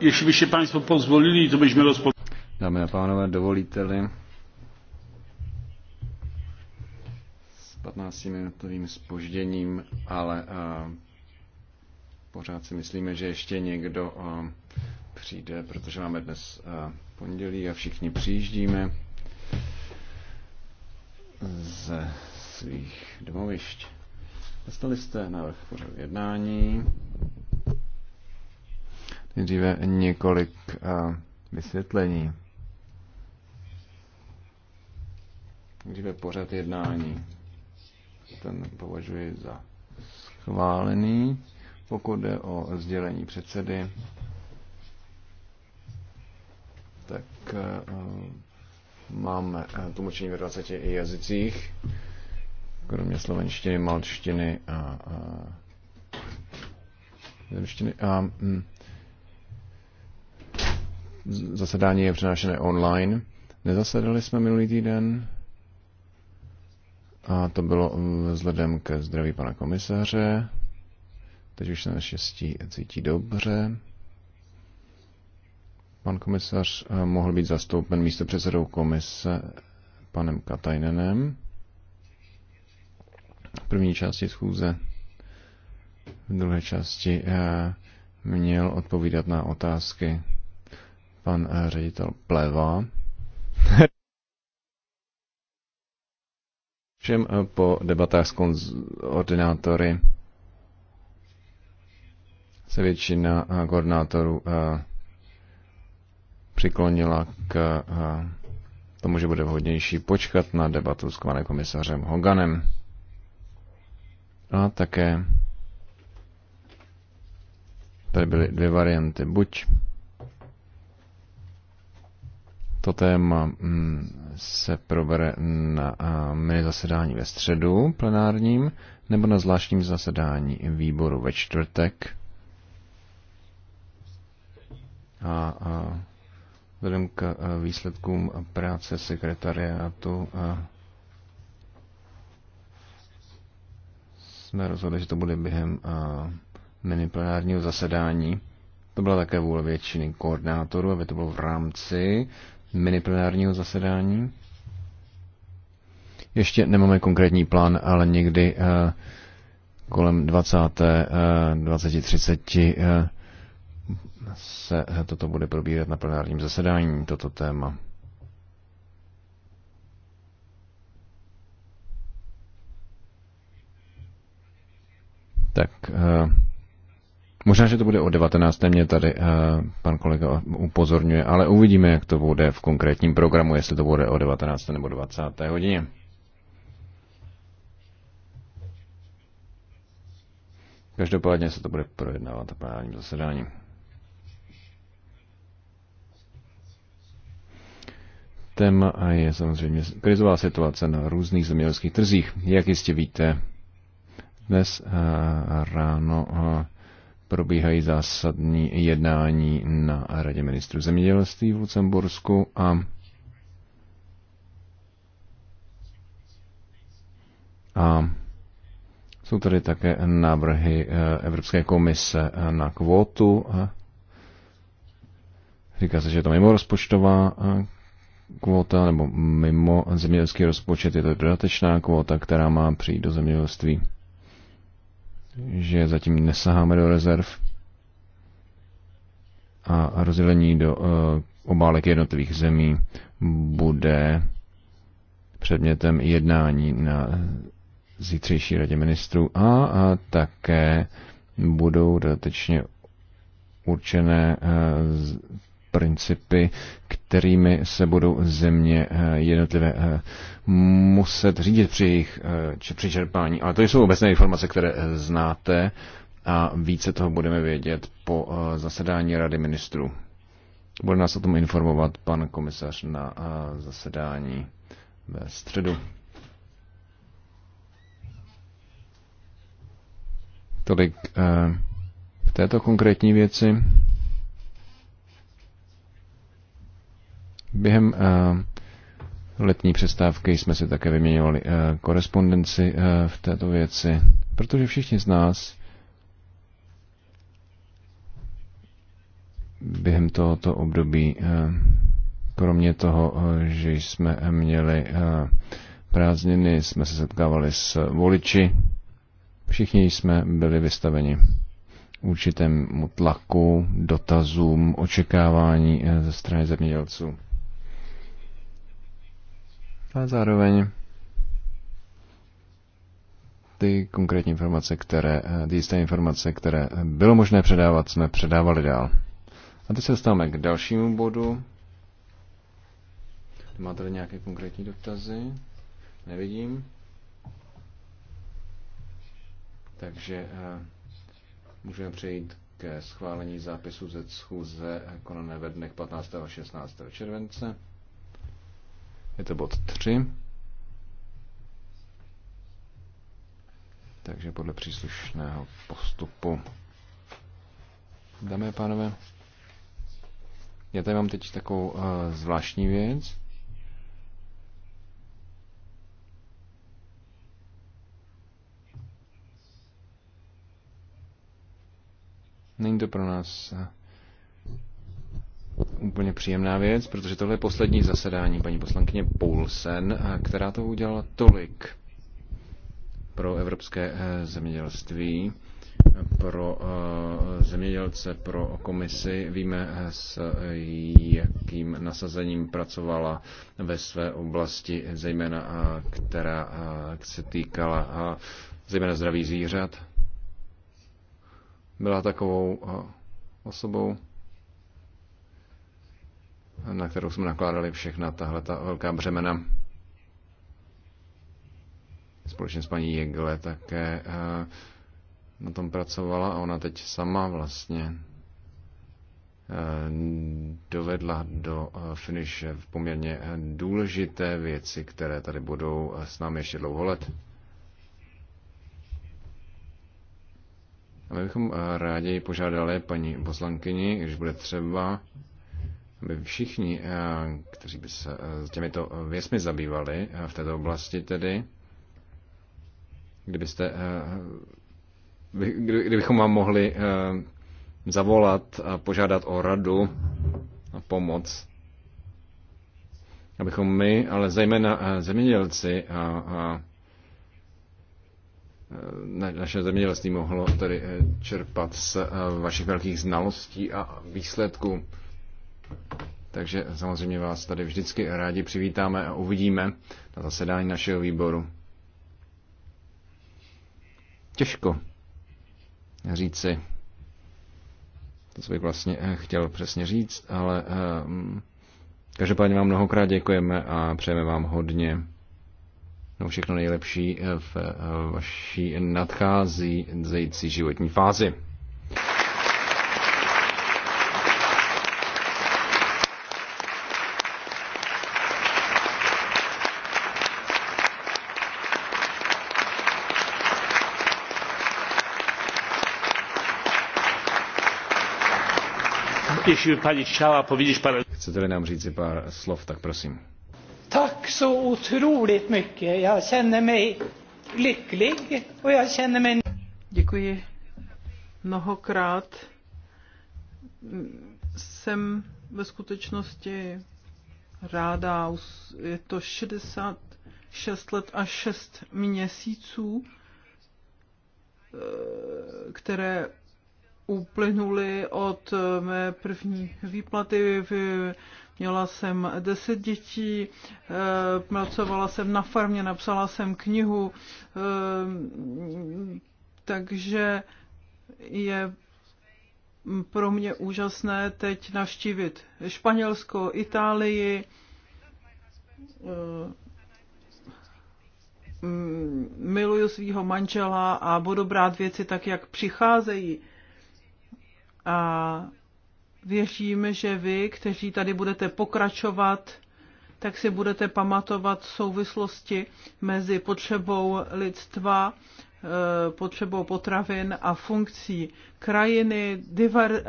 Jeśli byście Państwo pozwolili, to byśmy rozpoczęli. Dámy a pánové, dovolíte-li s 15-minutovým spožděním, ale a, eh, pořád si myslíme, že ještě někdo a, eh, přijde, protože máme dnes a, eh, pondělí a všichni přijíždíme ze svých domovišť. Dostali jste návrh pořadu jednání. Nejdříve několik eh, vysvětlení. Nejdříve pořad jednání. Ten považuji za schválený. Pokud jde o sdělení předsedy, tak eh, máme eh, tlumočení ve 20 jazycích, kromě slovenštiny, malčtiny a, Uh, uh, A mm, Zasedání je přenášené online. Nezasedali jsme minulý týden. A to bylo vzhledem ke zdraví pana komisaře. Teď už se naštěstí cítí dobře. Pan komisař eh, mohl být zastoupen místo předsedou komise panem Katajnenem. V první části schůze, v druhé části eh, měl odpovídat na otázky pan eh, ředitel Pleva. Všem eh, po debatách s koordinátory se většina eh, koordinátorů přiklonila k tomu, že bude vhodnější počkat na debatu s panem komisařem Hoganem. A také tady byly dvě varianty. Buď to téma mm, se probere na mini zasedání ve středu plenárním nebo na zvláštním zasedání výboru ve čtvrtek. A, a vzhledem k výsledkům práce sekretariátu a jsme rozhodli, že to bude během a, mini plenárního zasedání. To byla také vůle většiny koordinátorů, aby to bylo v rámci miniplenárního zasedání. Ještě nemáme konkrétní plán, ale někdy eh, kolem 20. 20. 30. se toto bude probírat na plenárním zasedání, toto téma. Tak eh, Možná, že to bude o 19. mě tady eh, pan kolega upozorňuje, ale uvidíme, jak to bude v konkrétním programu, jestli to bude o 19. nebo 20. hodině. Každopádně se to bude projednávat na plenárním zasedání. Téma je samozřejmě krizová situace na různých zemědělských trzích. Jak jistě víte, dnes eh, ráno eh, probíhají zásadní jednání na Radě ministrů zemědělství v Lucembursku a a jsou tady také návrhy eh, Evropské komise eh, na kvótu. Říká se, že je to mimo rozpočtová eh, kvóta nebo mimo zemědělský rozpočet. Je to dodatečná kvóta, která má přijít do zemědělství že zatím nesaháme do rezerv a rozdělení do eh, obálek jednotlivých zemí bude předmětem jednání na zítřejší radě ministrů a, a také budou dodatečně určené eh, principy, kterými se budou země eh, jednotlivé eh, muset řídit při jejich eh, při čerpání. Ale to jsou obecné informace, které znáte a více toho budeme vědět po zasedání Rady ministrů. Bude nás o tom informovat pan komisař na zasedání ve středu. Tolik v této konkrétní věci. Během eh, letní přestávky jsme si také vyměňovali eh, korespondenci eh, v této věci, protože všichni z nás během tohoto období, kromě toho, že jsme měli prázdniny, jsme se setkávali s voliči, všichni jsme byli vystaveni určitému tlaku, dotazům, očekávání ze strany zemědělců. A zároveň ty konkrétní informace, které, eh, ty jisté informace, které bylo možné předávat, jsme předávali dál. A teď se dostáváme k dalšímu bodu. Máte nějaké konkrétní dotazy? Nevidím. Takže eh, můžeme přejít ke schválení zápisu ze schůze eh, konané ve dnech 15. a 16. července. Je to bod 3. Takže podle příslušného postupu. Dámy a pánové, já tady mám teď takovou uh, zvláštní věc. Není to pro nás uh, úplně příjemná věc, protože tohle je poslední zasedání paní poslankyně Poulsen, která to udělala tolik pro evropské eh, zemědělství, pro eh, zemědělce, pro komisi. Víme, eh, s jakým nasazením pracovala ve své oblasti, zejména která se týkala zejména zdraví zvířat. Byla takovou osobou, na kterou jsme nakládali všechna tahle ta velká břemena. Společně s paní Jegle také eh, na tom pracovala a ona teď sama vlastně eh, dovedla do eh, finiše v poměrně důležité věci, které tady budou s námi ještě dlouho let. A my bychom rádi požádali paní poslankyni, když bude třeba, aby všichni, eh, kteří by se eh, s těmito věcmi zabývali eh, v této oblasti tedy, kdybyste, kdybychom vám mohli zavolat a požádat o radu a pomoc, abychom my, ale zejména zemědělci a, a naše zemědělství mohlo tedy čerpat z vašich velkých znalostí a výsledků. Takže samozřejmě vás tady vždycky rádi přivítáme a uvidíme na zasedání našeho výboru. Těžko říci to, co bych vlastně eh, chtěl přesně říct, ale um, každopádně vám mnohokrát děkujeme a přejeme vám hodně no všechno nejlepší eh, v vaší nadcházející životní fázi. jeśli by pani chciała powiedzieć Chcete-li nám si pár slov, tak prosím. Tak so utrolit mycket. Já känner mig lycklig och jag känner mig... Děkuji mnohokrát. Jsem ve skutečnosti ráda. Je to 66 let a 6 měsíců, eh, které uplynuly od eh, mé první výplaty. Měla jsem deset dětí, eh, pracovala jsem na farmě, napsala jsem knihu, eh, takže je pro mě úžasné teď navštívit Španělsko, Itálii, miluju svého manžela a budu brát věci tak, jak přicházejí a věřím, že vy, kteří tady budete pokračovat, tak si budete pamatovat souvislosti mezi potřebou lidstva, eh, potřebou potravin a funkcí krajiny, diver,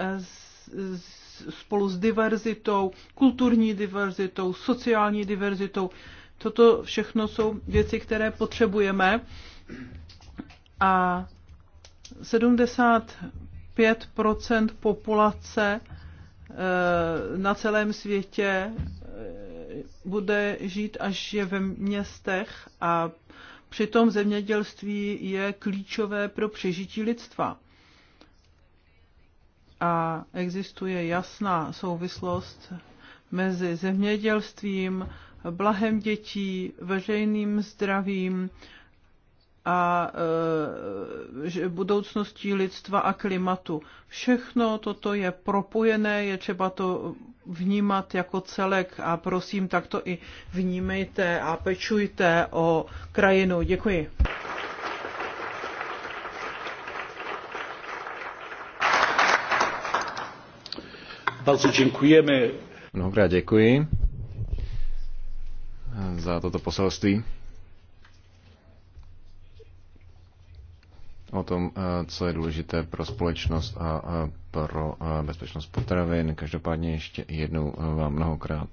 spolu s diverzitou, kulturní diverzitou, sociální diverzitou. Toto všechno jsou věci, které potřebujeme. A 70 5 populace eh, na celém světě eh, bude žít až je ve městech a přitom zemědělství je klíčové pro přežití lidstva. A existuje jasná souvislost mezi zemědělstvím, blahem dětí, veřejným zdravím, a e, budoucností lidstva a klimatu. Všechno toto je propojené, je třeba to vnímat jako celek a prosím, tak to i vnímejte a pečujte o krajinu. Děkuji. Bardzo dziękujemy. Mnohokrát děkuji za toto poselství. o tom, eh, co je důležité pro společnost a pro eh, bezpečnost potravin. Každopádně ještě jednou eh, vám mnohokrát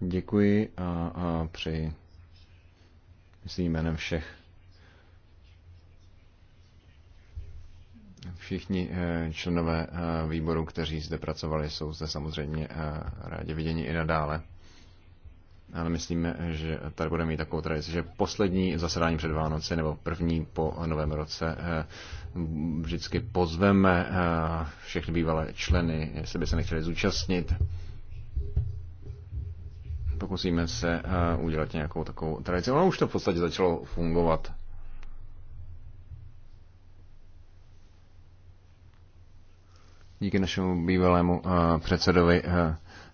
děkuji a přeji myslím jménem všech. Všichni členové výboru, kteří zde pracovali, jsou zde samozřejmě rádi viděni i nadále ale myslíme, že tady budeme mít takovou tradici, že poslední zasedání před Vánoce nebo první po Novém roce eh, vždycky pozveme eh, všechny bývalé členy, jestli by se nechtěli zúčastnit. Pokusíme se eh, udělat nějakou takovou tradici. Ono už to v podstatě začalo fungovat. Díky našemu bývalému předsedovi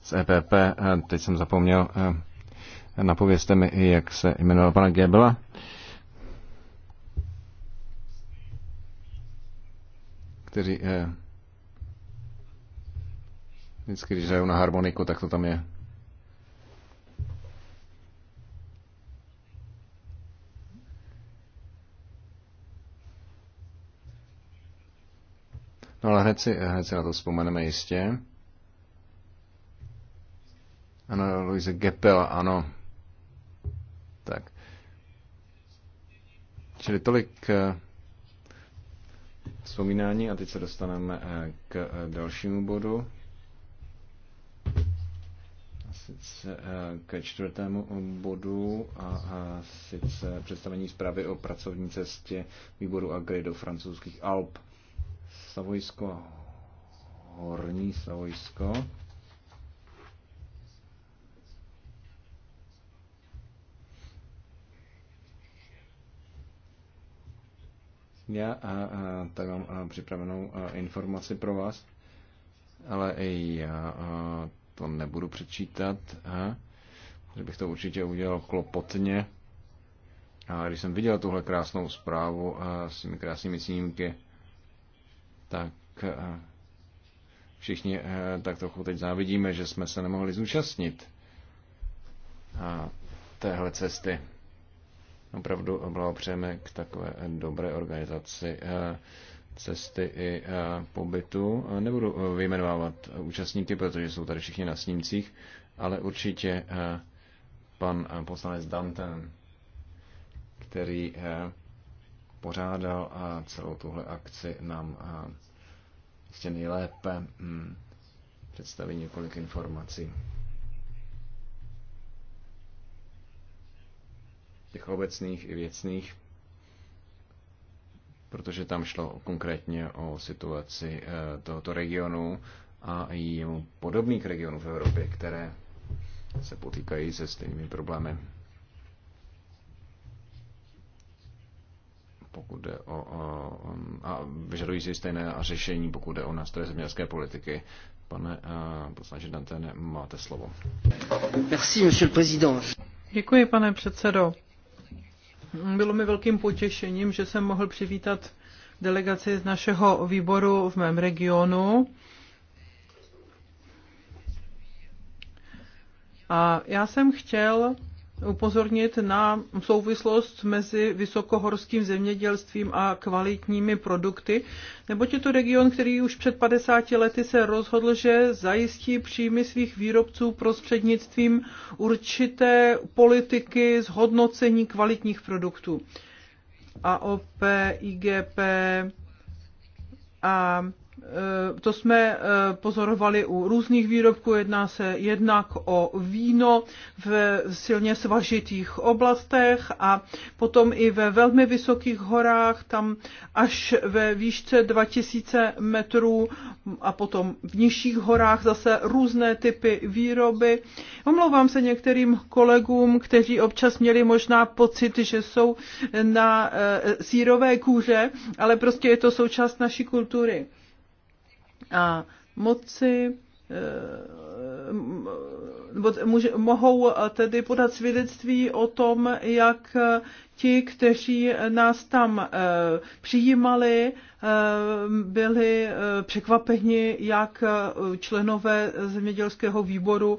z EPP, teď jsem zapomněl, Napovězte mi, jak se jmenoval pana Gebela. Kteří eh, vždycky, když hrajou na harmoniku, tak to tam je. No ale hned si, hned si na to vzpomeneme jistě. Ano, Luise Gepel, ano. Čili tolik eh, vzpomínání a teď se dostaneme eh, k eh, dalšímu bodu. Sice ke čtvrtému bodu a, a sice představení zprávy o pracovní cestě výboru Agri do francouzských Alp. Savojsko, Horní Savojsko. Já a, a, tak mám a, připravenou a, informaci pro vás, ale i já a, to nebudu přečítat, a, že bych to určitě udělal klopotně. A když jsem viděl tuhle krásnou zprávu a, s těmi krásnými snímky, tak a, všichni a, tak trochu teď závidíme, že jsme se nemohli zúčastnit a, téhle cesty. Opravdu blahopřejeme k takové dobré organizaci eh, cesty i eh, pobytu. Nebudu eh, vyjmenovávat účastníky, protože jsou tady všichni na snímcích, ale určitě pan poslanec Danten, který pořádal a celou tuhle akci nám jistě nejlépe hm, představí několik informací. těch obecných i věcných, protože tam šlo konkrétně o situaci eh, tohoto regionu a jemu podobných regionů v Evropě, které se potýkají se stejnými problémy. pokud jde o, o um, a vyžadují si stejné řešení, pokud jde o nástroje zemědělské politiky. Pane eh, poslanče Dantene, máte slovo. Merci, monsieur le président. Děkuji, pane předsedo. Bylo mi velkým potěšením, že jsem mohl přivítat delegaci z našeho výboru v mém regionu. A já jsem chtěl upozornit na souvislost mezi vysokohorským zemědělstvím a kvalitními produkty, neboť je to region, který už před 50 lety se rozhodl, že zajistí příjmy svých výrobců prostřednictvím určité politiky zhodnocení kvalitních produktů. AOP, IGP a Eh, to jsme eh, pozorovali u různých výrobků. Jedná se jednak o víno v silně svažitých oblastech a potom i ve velmi vysokých horách, tam až ve výšce 2000 metrů a potom v nižších horách zase různé typy výroby. Omlouvám se některým kolegům, kteří občas měli možná pocit, že jsou na eh, sírové kůře, ale prostě je to součást naší kultury a moci eh, nebo může, mohou eh, tedy podat svědectví o tom, jak eh, ti, kteří nás tam eh, přijímali, byli překvapeni, jak členové zemědělského výboru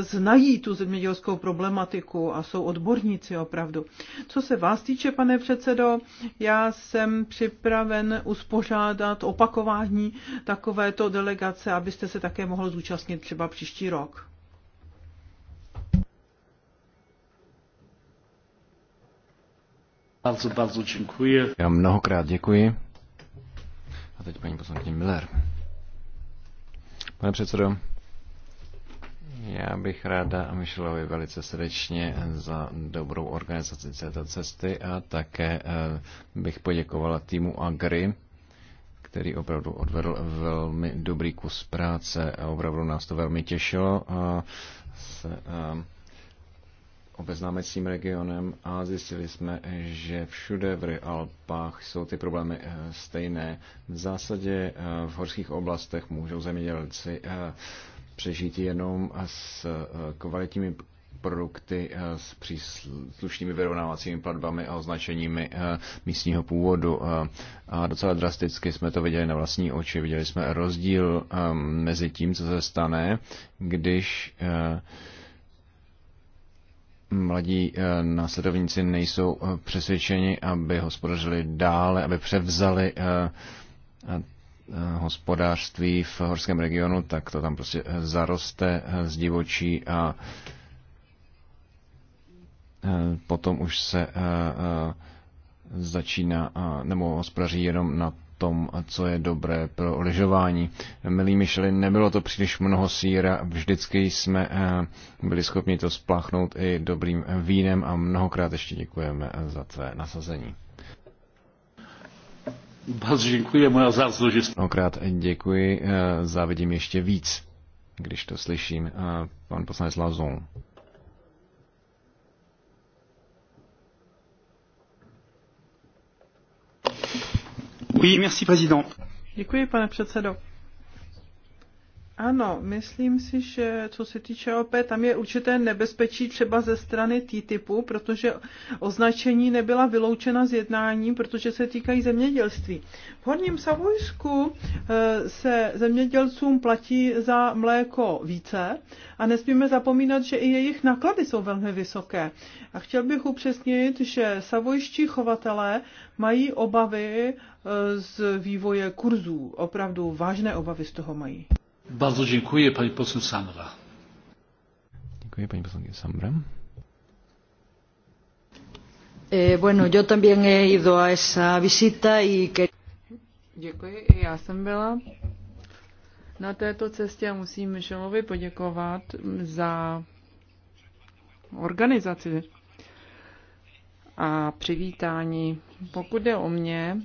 znají tu zemědělskou problematiku a jsou odborníci opravdu. Co se vás týče, pane předsedo, já jsem připraven uspořádat opakování takovéto delegace, abyste se také mohl zúčastnit třeba příští rok. Bardzo, bardzo děkuji. Já mnohokrát děkuji. A teď paní poslankyně Miller. Pane předsedo, já bych ráda Michelovi velice srdečně za dobrou organizaci této cesty a také eh, bych poděkovala týmu Agri, který opravdu odvedl velmi dobrý kus práce a opravdu nás to velmi těšilo a se, a eh, obeznámit s tím regionem a zjistili jsme, že všude v Alpách jsou ty problémy eh, stejné. V zásadě eh, v horských oblastech můžou zemědělci eh, přežít jenom s kvalitními produkty s příslušnými vyrovnávacími platbami a označeními místního původu. A docela drasticky jsme to viděli na vlastní oči. Viděli jsme rozdíl mezi tím, co se stane, když mladí eh, následovníci nejsou eh, přesvědčeni, aby hospodařili dále, aby převzali eh, hospodářství v horském regionu, tak to tam prostě zaroste, zdivočí a potom už se začíná, nebo hospodaří jenom na tom, co je dobré pro lyžování. Milí Myšeli, nebylo to příliš mnoho síra, vždycky jsme eh, byli schopni to spláchnout i dobrým vínem a mnohokrát ještě děkujeme za tvé nasazení. děkuji, moja zásluž Mnohokrát děkuji, eh, závidím ještě víc, když to slyším. Eh, pan poslanec Lazon. Oui, merci, président. Děkuji, pane předsedo. Ano, myslím si, že co se týče OP, tam je určité nebezpečí třeba ze strany TTIPu, protože označení nebyla vyloučena z jednání, protože se týkají zemědělství. V Horním Savojsku eh, se zemědělcům platí za mléko více a nesmíme zapomínat, že i jejich náklady jsou velmi vysoké. A chtěl bych upřesnit, že savojští chovatelé mají obavy z vývoje kurzů. Opravdu vážné obavy z toho mají. Bardzo děkuji, paní poslankyně Samra. Děkuji, paní poslankyně Samra. Eh, bueno, yo también he ido a esa visita y que... Děkuji, já jsem byla na této cestě a musím Michelovi poděkovat za organizaci a přivítání. Pokud je o mě,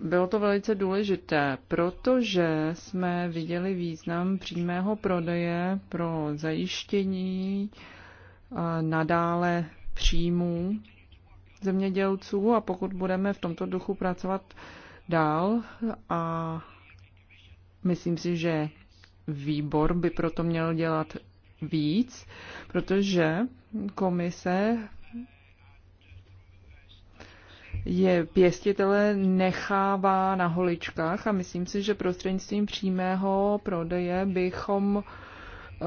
bylo to velice důležité, protože jsme viděli význam přímého prodeje pro zajištění eh, nadále příjmů zemědělců a pokud budeme v tomto duchu pracovat dál a myslím si, že výbor by proto měl dělat víc, protože komise je pěstitele nechává na holičkách a myslím si, že prostřednictvím přímého prodeje bychom eh,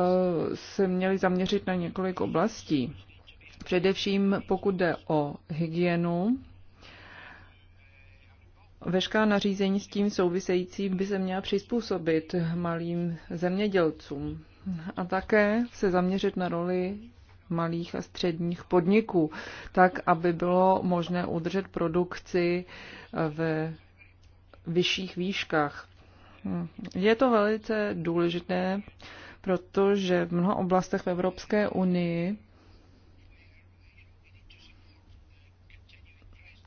se měli zaměřit na několik oblastí. Především pokud jde o hygienu, veškerá nařízení s tím související by se měla přizpůsobit malým zemědělcům a také se zaměřit na roli malých a středních podniků, tak aby bylo možné udržet produkci eh, ve vyšších výškách. Hm. Je to velice důležité, protože v mnoha oblastech v Evropské unii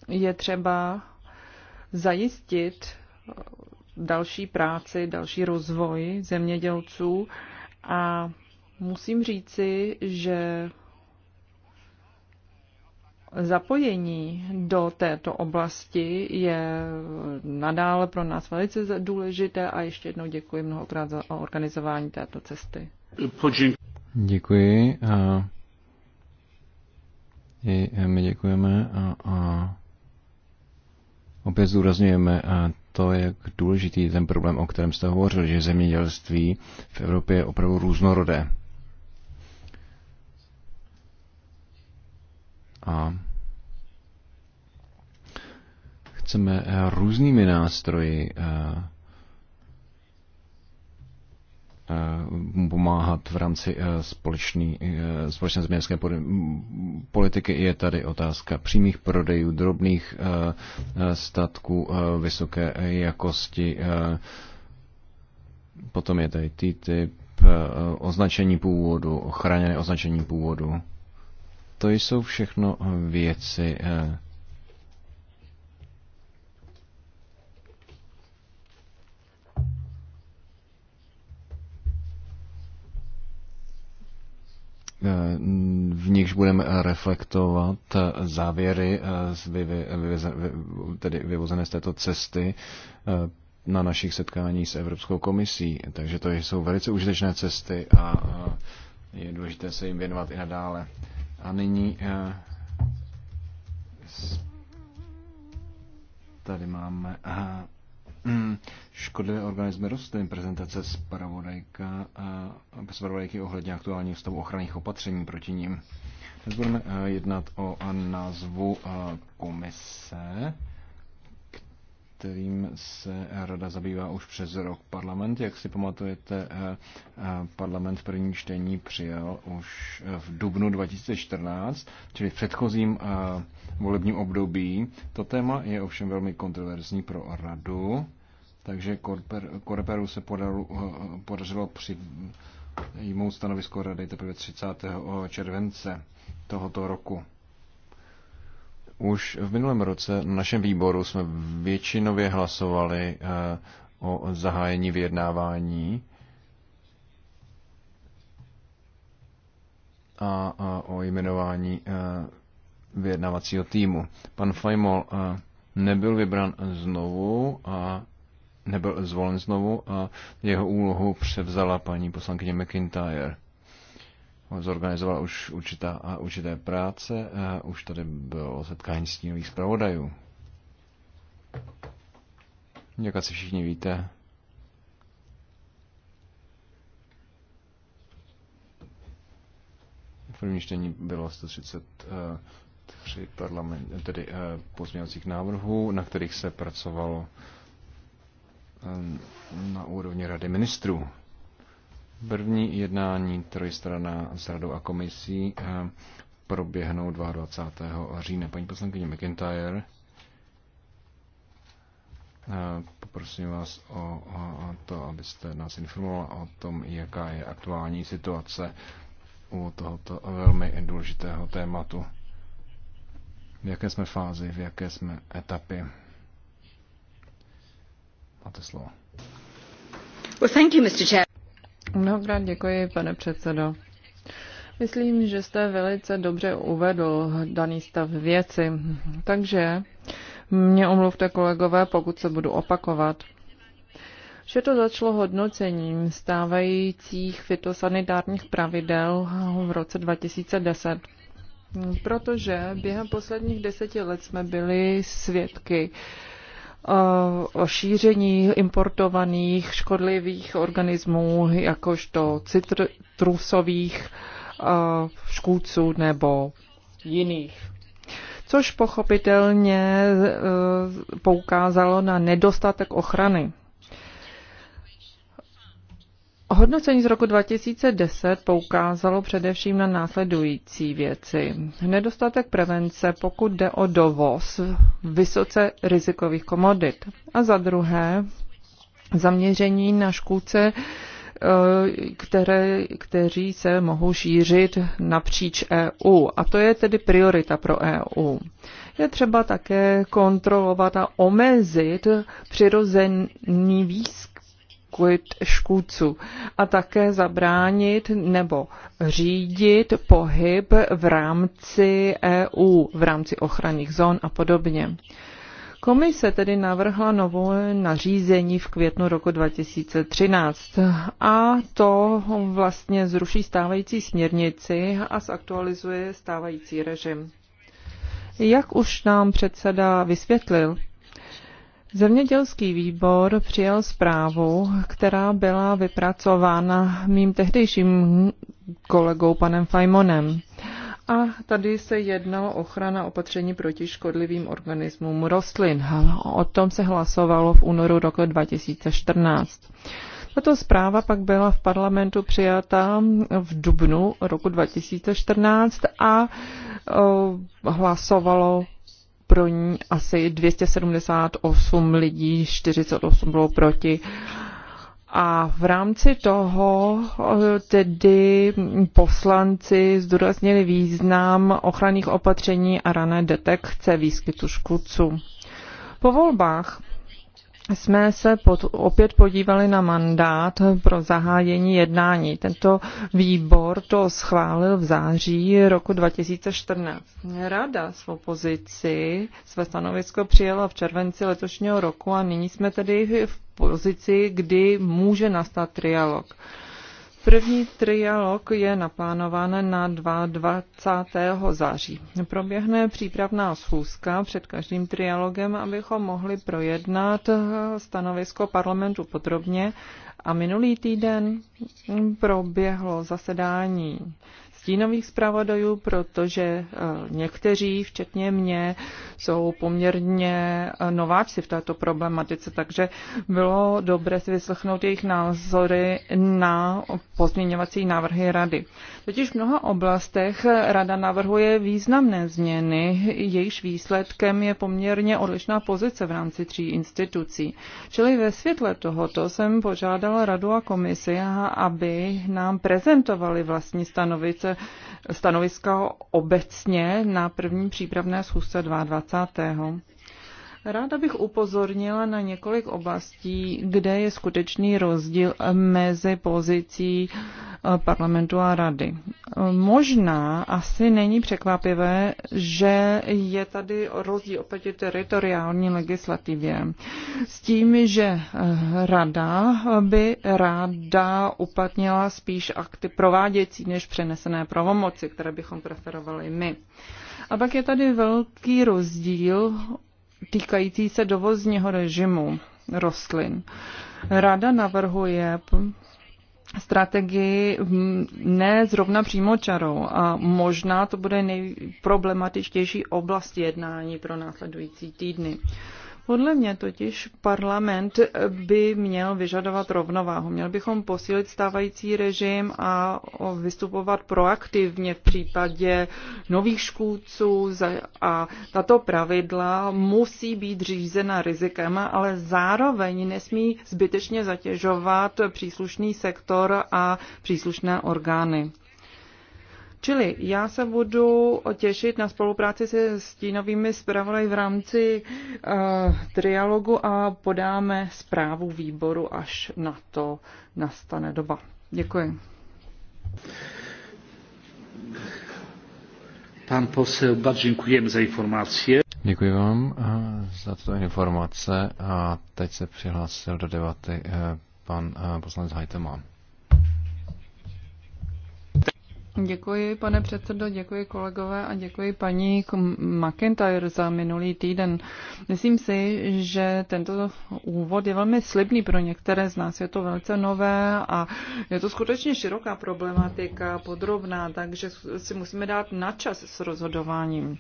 je třeba zajistit eh, další práci, další rozvoj zemědělců a musím říci, že zapojení do této oblasti je nadále pro nás velice důležité a ještě jednou děkuji mnohokrát za organizování této cesty. Děkuji. A my děkujeme a, a opět zúraznujeme a to, jak důležitý ten problém, o kterém jste hovořil, že zemědělství v Evropě je opravdu různorodé. a chceme eh, různými nástroji eh, eh, pomáhat v rámci společný, společné zeměnské politiky. Je tady otázka přímých prodejů, drobných statků vysoké jakosti. Potom je tady TTIP, označení původu, ochraněné označení původu to jsou všechno věci, eh, v nichž budeme reflektovat závěry eh, tedy vyvozené z této cesty eh, na našich setkání s Evropskou komisí. Takže to jsou velice užitečné cesty a je důležité se jim věnovat i nadále. A nyní eh, tady máme um, škodlivé organismy rostlin, prezentace zpravodajka, eh, zpravodajky ohledně aktuálního stavu ochranných opatření proti ním. Dnes budeme jednat o názvu komise kterým se rada zabývá už přes rok. Parlament, jak si pamatujete, eh, eh, parlament v prvním čtení přijal už eh, v dubnu 2014, čili v předchozím volebním období. To téma je ovšem velmi kontroverzní pro radu, takže Koreperu se podalo, podařilo při jmout stanovisko rady teprve 30. července tohoto roku. Už v minulém roce na našem výboru jsme většinově hlasovali eh, o zahájení vyjednávání a o jmenování eh, vyjednávacího týmu. Pan Fajmol eh, nebyl vybran znovu a nebyl zvolen znovu a jeho úlohu převzala paní poslankyně McIntyre zorganizoval už určitá, určité práce, už tady bylo setkání stínových zpravodajů. Jak asi všichni víte, v prvním čtení bylo 133 parlament, tedy eh, pozměňovacích návrhů, na kterých se pracovalo eh, na úrovni Rady ministrů. První jednání trojstrana s radou a komisí eh, proběhnou 22. října. Paní poslankyně McIntyre, eh, poprosím vás o, to, abyste nás informovala o tom, jaká je aktuální situace u tohoto velmi důležitého tématu. V jaké jsme fázi, v jaké jsme etapě. Máte slovo. Well, thank you, Mr. Chair. Mnohokrát děkuji, pane předsedo. Myslím, že jste velice dobře uvedl daný stav věci, takže mě omluvte kolegové, pokud se budu opakovat. Vše to začalo hodnocením stávajících fitosanitárních pravidel v roce 2010 protože během posledních deseti let jsme byli svědky uh, o šíření importovaných škodlivých organismů, jakožto citrusových škůdců nebo jiných. Což pochopitelně e, poukázalo na nedostatek ochrany Hodnocení z roku 2010 poukázalo především na následující věci. Nedostatek prevence, pokud jde o dovoz vysoce rizikových komodit. A za druhé, zaměření na škůdce, e, které, kteří se mohou šířit napříč EU. A to je tedy priorita pro EU. Je třeba také kontrolovat a omezit přirozený výskyt škůd, škůdců a také zabránit nebo řídit pohyb v rámci EU, v rámci ochranných zón a podobně. Komise tedy navrhla novou nařízení v květnu roku 2013 a to vlastně zruší stávající směrnici a zaktualizuje stávající režim. Jak už nám předseda vysvětlil, Zemědělský výbor přijal zprávu, která byla vypracována mým tehdejším kolegou panem Fajmonem. A tady se jednalo ochrana opatření proti škodlivým organismům rostlin. O tom se hlasovalo v únoru roku 2014. Tato zpráva pak byla v parlamentu přijata v dubnu roku 2014 a hlasovalo pro ní asi 278 lidí, 48 bylo proti. A v rámci toho eh, tedy poslanci zdůraznili význam ochranných opatření a rané detekce výskytu škůdců. Po volbách jsme se pod, opět podívali na mandát pro zahájení jednání. Tento výbor to schválil v září roku 2014. Rada s opozici své stanovisko přijela v červenci letošního roku a nyní jsme tedy v pozici, kdy může nastat trialog. První trialog je naplánován na 22. září. Proběhne přípravná schůzka před každým trialogem, abychom mohli projednat stanovisko parlamentu podrobně. A minulý týden proběhlo zasedání stínových zpravodajů, protože eh, někteří, včetně mě, jsou poměrně eh, nováčci v této problematice, takže bylo dobré si vyslechnout jejich názory na pozměňovací návrhy rady. Totiž v mnoha oblastech rada navrhuje významné změny, jejichž výsledkem je poměrně odlišná pozice v rámci tří institucí. Čili ve světle tohoto jsem požádala radu a komisi, aby nám prezentovali vlastní stanovice stanoviska obecně na první přípravné schůzce 22. Ráda bych upozornila na několik oblastí, kde je skutečný rozdíl mezi pozicí eh, parlamentu a rady. Možná asi není překvapivé, že je tady rozdíl oproti teritoriální legislativě. S tím, že eh, rada by ráda uplatnila spíš akty prováděcí než přenesené pravomoci, které bychom preferovali my. A pak je tady velký rozdíl týkající se dovozního režimu rostlin. Rada navrhuje strategii ne zrovna přímo čarou a možná to bude nejproblematičtější oblast jednání pro následující týdny. Podle mě totiž parlament by měl vyžadovat rovnováhu. Měl bychom posílit stávající režim a vystupovat proaktivně v případě nových škůdců a tato pravidla musí být řízena rizikem, ale zároveň nesmí zbytečně zatěžovat příslušný sektor a příslušné orgány. Čili já se budu těšit na spolupráci se stínovými zpravodaji v rámci uh, trialogu a podáme zprávu výboru, až na to nastane doba. Děkuji. Pan posel bardzo děkujeme za informace. Děkuji vám eh, za tuto informace a teď se přihlásil do debaty eh, pan poslanec Hajtemán. Děkuji, pane předsedo, děkuji kolegové a děkuji paní McIntyre za minulý týden. Myslím si, že tento úvod je velmi slibný pro některé z nás. Je to velice nové a je to skutečně široká problematika, podrobná, takže si musíme dát na čas s rozhodováním.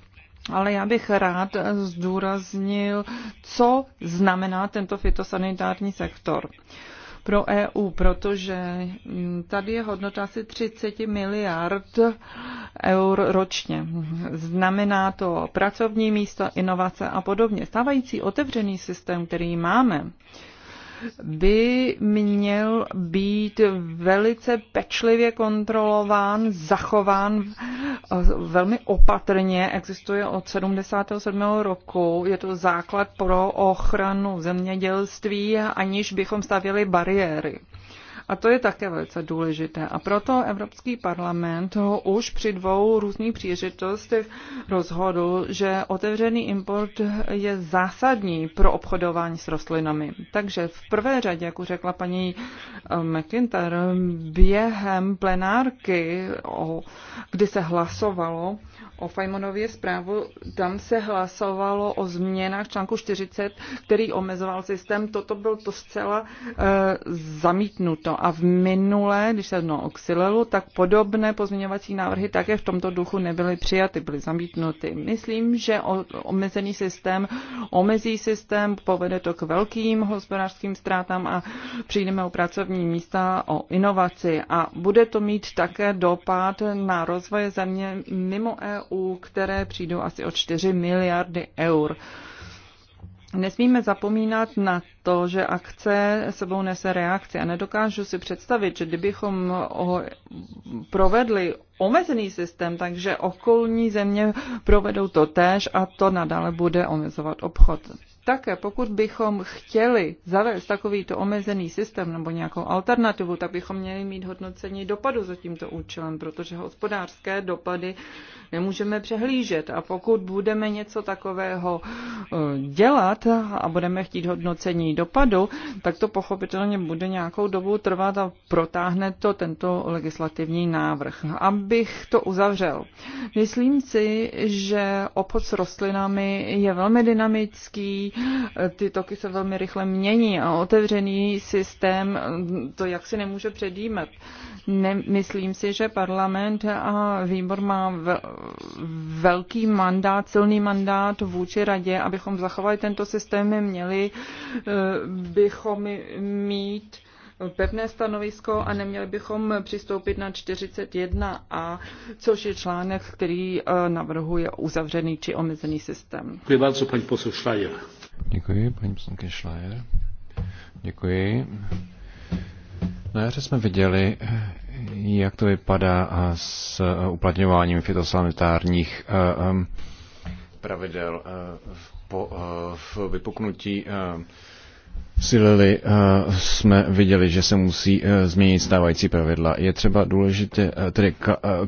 Ale já bych rád zdůraznil, co znamená tento fitosanitární sektor. Uh, pro EU, protože mm, tady je hodnota asi 30 miliard eur ročně. Znamená to pracovní místa, inovace a podobně. Stávající otevřený systém, který máme, by měl být velice pečlivě kontrolován, zachován velmi opatrně. Existuje od 77. roku, je to základ pro ochranu zemědělství, aniž bychom stavěli bariéry. A to je také velice důležité. A proto Evropský parlament ho už při dvou různých příležitostech rozhodl, že otevřený import je zásadní pro obchodování s rostlinami. Takže v prvé řadě, jak už řekla paní eh, McIntyre, během plenárky, kdy se hlasovalo, o Fajmonově zprávu, tam se hlasovalo o změnách článku 40, který omezoval systém. Toto bylo to zcela e, zamítnuto. A v minulé, když se jednalo o tak podobné pozměňovací návrhy také v tomto duchu nebyly přijaty, byly zamítnuty. Myslím, že o, omezený systém omezí systém, povede to k velkým hospodářským ztrátám a přijdeme o pracovní místa, o inovaci a bude to mít také dopad na rozvoje země mimo EU EU, které přijdou asi o 4 miliardy eur. Nesmíme zapomínat na to, že akce sebou nese reakci a nedokážu si představit, že kdybychom provedli omezený systém, takže okolní země provedou to též a to nadále bude omezovat obchod. Také pokud bychom chtěli zavést takovýto omezený systém nebo nějakou alternativu, tak bychom měli mít hodnocení dopadu za tímto účelem, protože hospodářské dopady nemůžeme přehlížet. A pokud budeme něco takového eh, dělat a budeme chtít hodnocení dopadu, tak to pochopitelně bude nějakou dobu trvat a protáhne to tento legislativní návrh. Abych to uzavřel. Myslím si, že obchod s rostlinami je velmi dynamický, ty toky se velmi rychle mění a otevřený systém to jaksi nemůže předjímat. myslím si, že parlament a výbor má velký mandát, silný mandát vůči radě, abychom zachovali tento systém, měli eh, bychom mít pevné stanovisko a neměli bychom přistoupit na 41 a což je článek, který eh, navrhuje uzavřený či omezený systém. Děkuji bardzo, paní poslušajera. Děkuji, paní poslankyně Šlajer. Děkuji. Na jaře jsme viděli, eh, jak to vypadá eh, s eh, uplatňováním fitosanitárních pravidel po vypuknutí silili, eh, jsme viděli, že se musí eh, změnit stávající pravidla. Je třeba důležité eh, tedy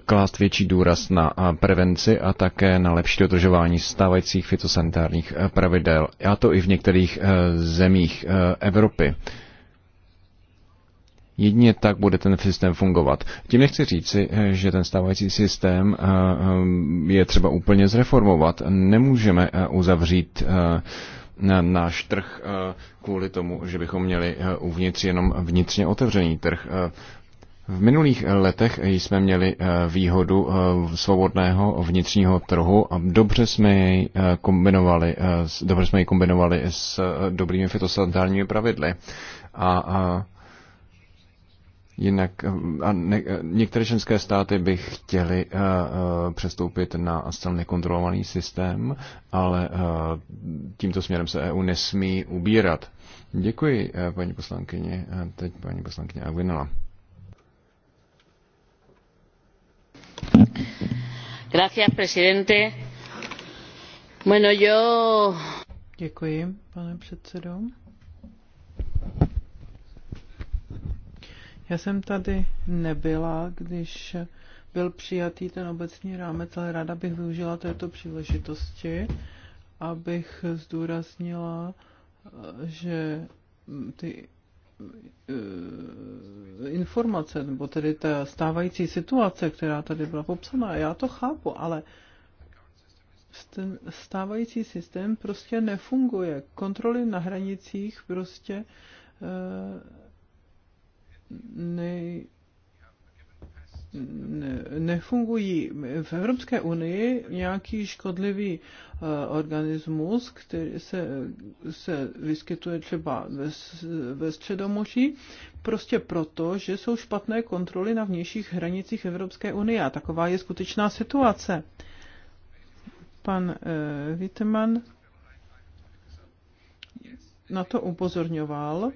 klást větší důraz na prevenci a také na lepší dodržování stávajících fitosanitárních pravidel. A to i v některých zemích Evropy. Jedině tak bude ten systém fungovat. Tím nechci říci, že ten stávající systém je třeba úplně zreformovat. Nemůžeme uzavřít náš trh eh, kvůli tomu, že bychom měli eh, uvnitř jenom vnitřně otevřený trh. Eh, v minulých letech jsme měli výhodu svobodného vnitřního trhu a dobře jsme jej kombinovali, dobře jsme jej kombinovali s dobrými fitosanitárními pravidly. A Jinak hm, a ne, některé členské státy by chtěly uh, přestoupit na zcela nekontrolovaný systém, ale uh, tímto směrem se EU nesmí ubírat. Děkuji, uh, paní poslankyně. A teď paní poslankyně Aguinala. Gracias, presidente. Bueno, yo... Děkuji, pane předsedo. Já jsem tady nebyla, když byl přijatý ten obecní rámec, ale ráda bych využila této příležitosti, abych zdůraznila, že ty eh, informace, nebo tedy ta stávající situace, která tady byla popsaná, já to chápu, ale ten stávající systém prostě nefunguje. Kontroly na hranicích prostě eh, nej, nefungují v Evropské unii nějaký škodlivý eh, organismus, který se, se vyskytuje třeba ve, ve středomoří, prostě proto, že jsou špatné kontroly na vnějších hranicích Evropské unie a taková je skutečná situace. Pan eh, Wittemann na to upozorňoval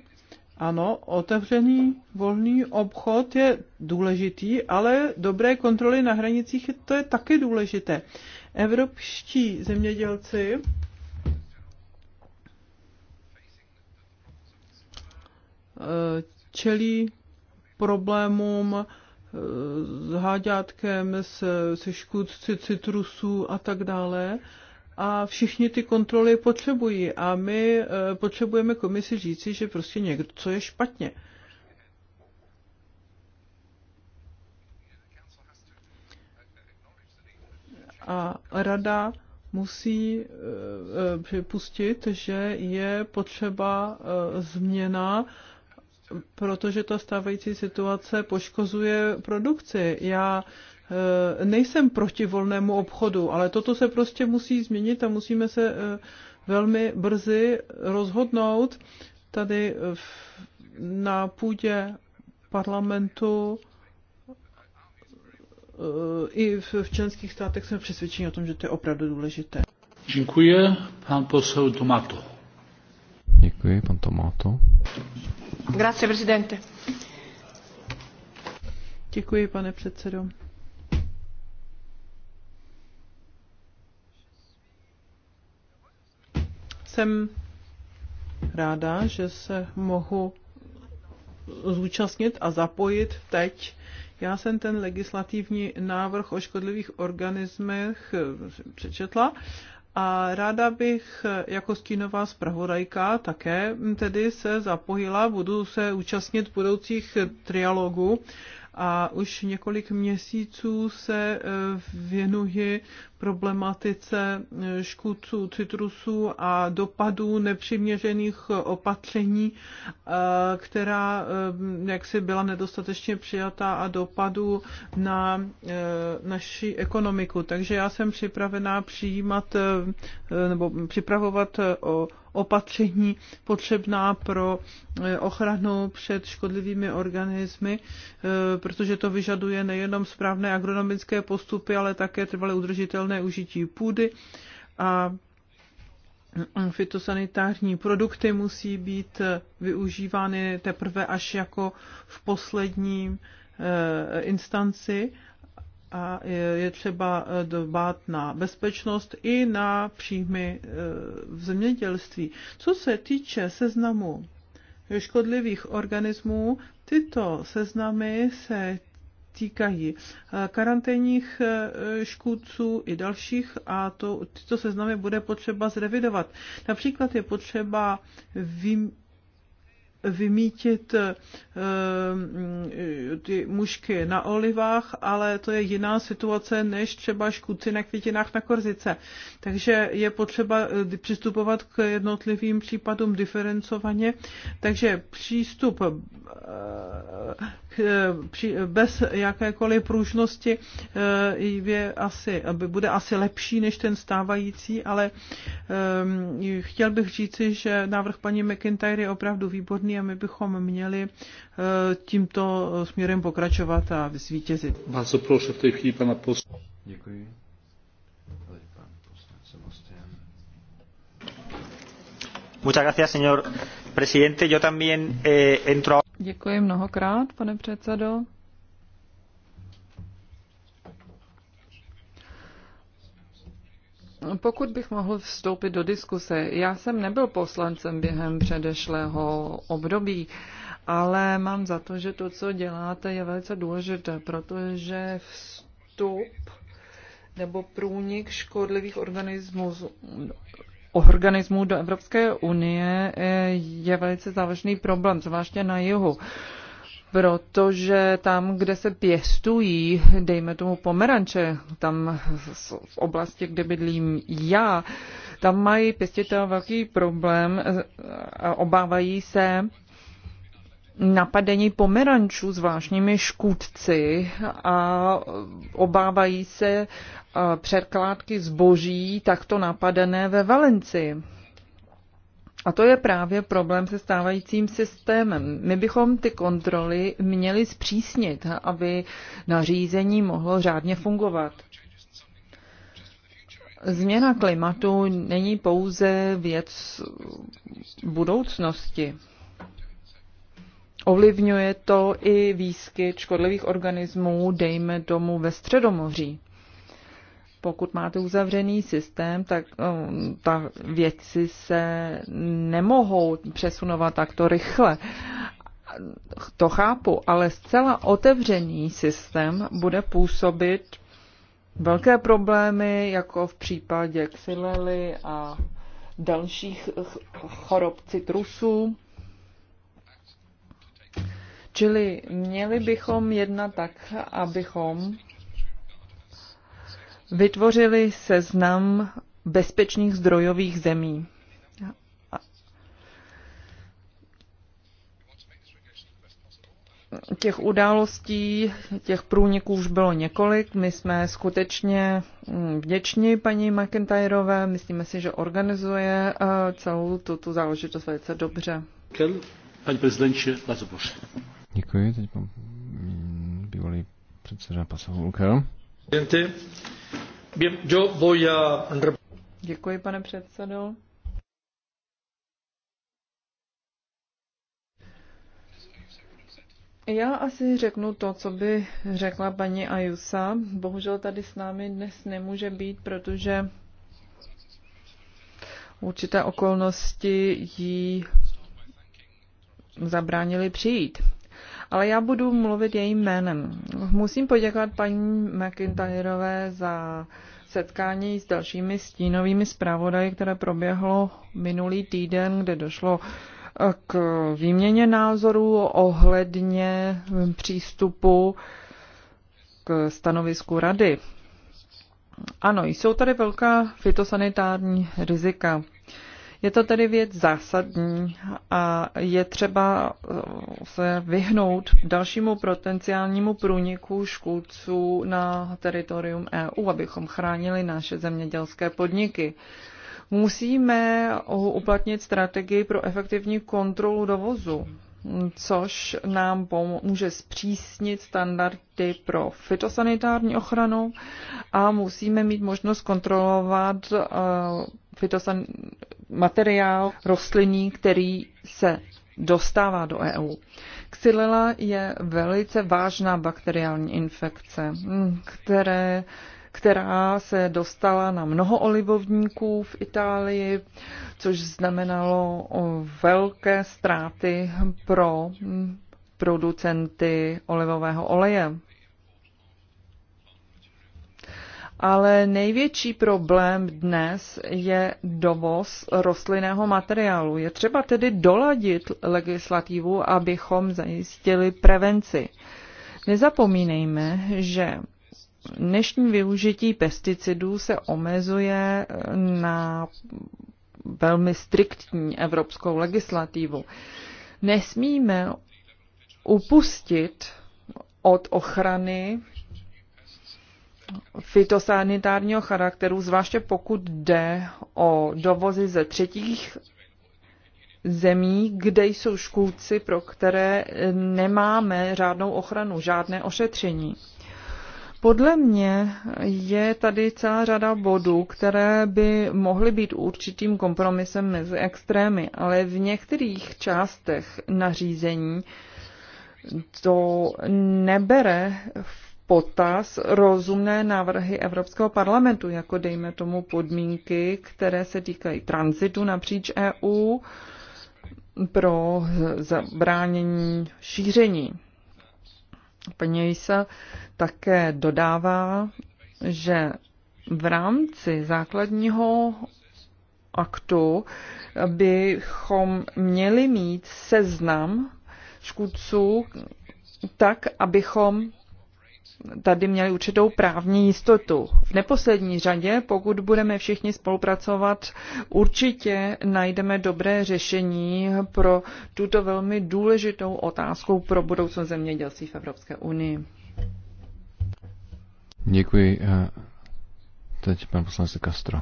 ano, otevřený volný obchod je důležitý, ale dobré kontroly na hranicích to je také důležité. Evropští zemědělci eh, čelí problémům eh, s háďátkem, se, se škůdci citrusů a tak dále a všichni ty kontroly potřebují a my eh, potřebujeme komisi říci, že prostě někdo, co je špatně. A rada musí eh, eh, připustit, že je potřeba změna, protože ta stávající situace poškozuje produkci. Já Eh, nejsem proti volnému obchodu, ale toto se prostě musí změnit a musíme se eh, velmi brzy rozhodnout tady eh, na půdě parlamentu i v členských státech jsme přesvědčeni o tom, že to je opravdu důležité. Děkuji. Pan posel Tomato. Děkuji, pan Tomato. Grazie, presidente. Děkuji, pane předsedo. Jsem ráda, že se mohu zúčastnit a zapojit teď. Já jsem ten legislativní návrh o škodlivých organismech přečetla a ráda bych jako stínová zpravodajka také tedy se zapojila, budu se účastnit budoucích trialogů a už několik měsíců se eh, věnuji problematice eh, škůdců citrusů a dopadů nepřiměřených opatření, eh, která eh, jaksi byla nedostatečně přijatá a dopadů na naši ekonomiku. Takže já jsem připravená přijímat nebo připravovat o opatření potřebná pro ochranu před škodlivými organismy, protože to vyžaduje nejenom správné agronomické postupy, ale také trvale udržitelné udržitelné užití půdy a fitosanitární produkty musí být využívány teprve až jako v posledním eh, instanci a je třeba dbát na bezpečnost i na příjmy eh, v zemědělství. Co se týče seznamu škodlivých organismů, tyto seznamy se týkají eh, karanténních eh, škůdců i dalších a to, tyto seznamy bude potřeba zrevidovat. Například je potřeba vym, vymítit eh, ty mušky na olivách, ale to je jiná situace než třeba škůdci na květinách na korzice. Takže je potřeba přistupovat k jednotlivým případům diferencovaně. Takže přístup Eh, bez jakékoliv pružnosti je eh, asi, bude asi lepší než ten stávající, ale ehm, chtěl bych říci, že návrh paní McIntyre je opravdu výborný a my bychom měli eh, tímto směrem pokračovat a zvítězit. Vás prosím v té chvíli pana post. Děkuji. Muchas gracias, señor presidente. Yo también eh, entro Děkuji mnohokrát, pane předsedo. Pokud bych mohl vstoupit do diskuse, já jsem nebyl poslancem během předešlého období, ale mám za to, že to, co děláte, je velice důležité, protože vstup nebo průnik škodlivých organismů organismů do Evropské unie eh, je velice závažný problém, zvláště na jihu protože tam, kde se pěstují, dejme tomu pomeranče, tam v oblasti, kde bydlím já, tam mají pěstitel velký problém eh, a obávají se, napadení pomerančů zvláštními škůdci a obávají se překládky zboží takto napadené ve Valenci. A to je právě problém se stávajícím systémem. My bychom ty kontroly měli zpřísnit, aby nařízení mohlo řádně fungovat. Změna klimatu není pouze věc budoucnosti. Ovlivňuje to i výskyt škodlivých organismů, dejme tomu, ve Středomoří. Pokud máte uzavřený systém, tak um, ta věci se nemohou přesunovat takto rychle. To chápu, ale zcela otevřený systém bude působit velké problémy, jako v případě xylely a dalších chorob citrusů. Čili měli bychom jednat tak, abychom vytvořili seznam bezpečných zdrojových zemí. Těch událostí, těch průniků už bylo několik. My jsme skutečně mm, vděční paní McIntyrové. Myslíme si, že organizuje eh, celou tuto záležitost velice dobře. Paní prezidentče, bardzo proszę. Děkuji, teď pan mm, bývalý předseda Pasahulka. Děkuji, pane předsedo. Já asi řeknu to, co by řekla paní Ajusa. Bohužel tady s námi dnes nemůže být, protože určité okolnosti jí zabránili přijít ale já budu mluvit jejím jménem. Musím poděkovat paní McIntyreové za setkání s dalšími stínovými zpravodaji, které proběhlo minulý týden, kde došlo eh, k výměně názorů ohledně eh, přístupu k stanovisku rady. Ano, jsou tady velká fitosanitární rizika. Je to tedy věc zásadní a je třeba eh, se vyhnout dalšímu potenciálnímu průniku škůdců na teritorium EU, abychom chránili naše zemědělské podniky. Musíme uplatnit strategii pro efektivní kontrolu dovozu, což nám pomůže zpřísnit standardy pro fitosanitární ochranu a musíme mít možnost kontrolovat eh, fytosan materiál rostlinný, který se dostává do EU. Xylella je velice vážná bakteriální infekce, hm, které, která se dostala na mnoho olivovníků v Itálii, což znamenalo velké ztráty pro hm, producenty olivového oleje. ale největší problém dnes je dovoz rostlinného materiálu. Je třeba tedy doladit legislativu, abychom zajistili prevenci. Nezapomínejme, že dnešní využití pesticidů se omezuje na velmi striktní evropskou legislativu. Nesmíme upustit od ochrany fitosanitárního charakteru, zvláště pokud jde o dovozy ze třetích zemí, kde jsou škůdci, pro které nemáme žádnou ochranu, žádné ošetření. Podle mě je tady celá řada bodů, které by mohly být určitým kompromisem mezi extrémy, ale v některých částech nařízení to nebere v potaz rozumné návrhy Evropského parlamentu, jako dejme tomu podmínky, které se týkají transitu napříč EU pro zabránění šíření. Paní se také dodává, že v rámci základního aktu bychom měli mít seznam škůdců tak, abychom tady měli určitou právní jistotu. V neposlední řadě, pokud budeme všichni spolupracovat, určitě najdeme dobré řešení pro tuto velmi důležitou otázku pro budoucnost zemědělství v Evropské unii. Děkuji. Eh, teď pan poslanec Castro.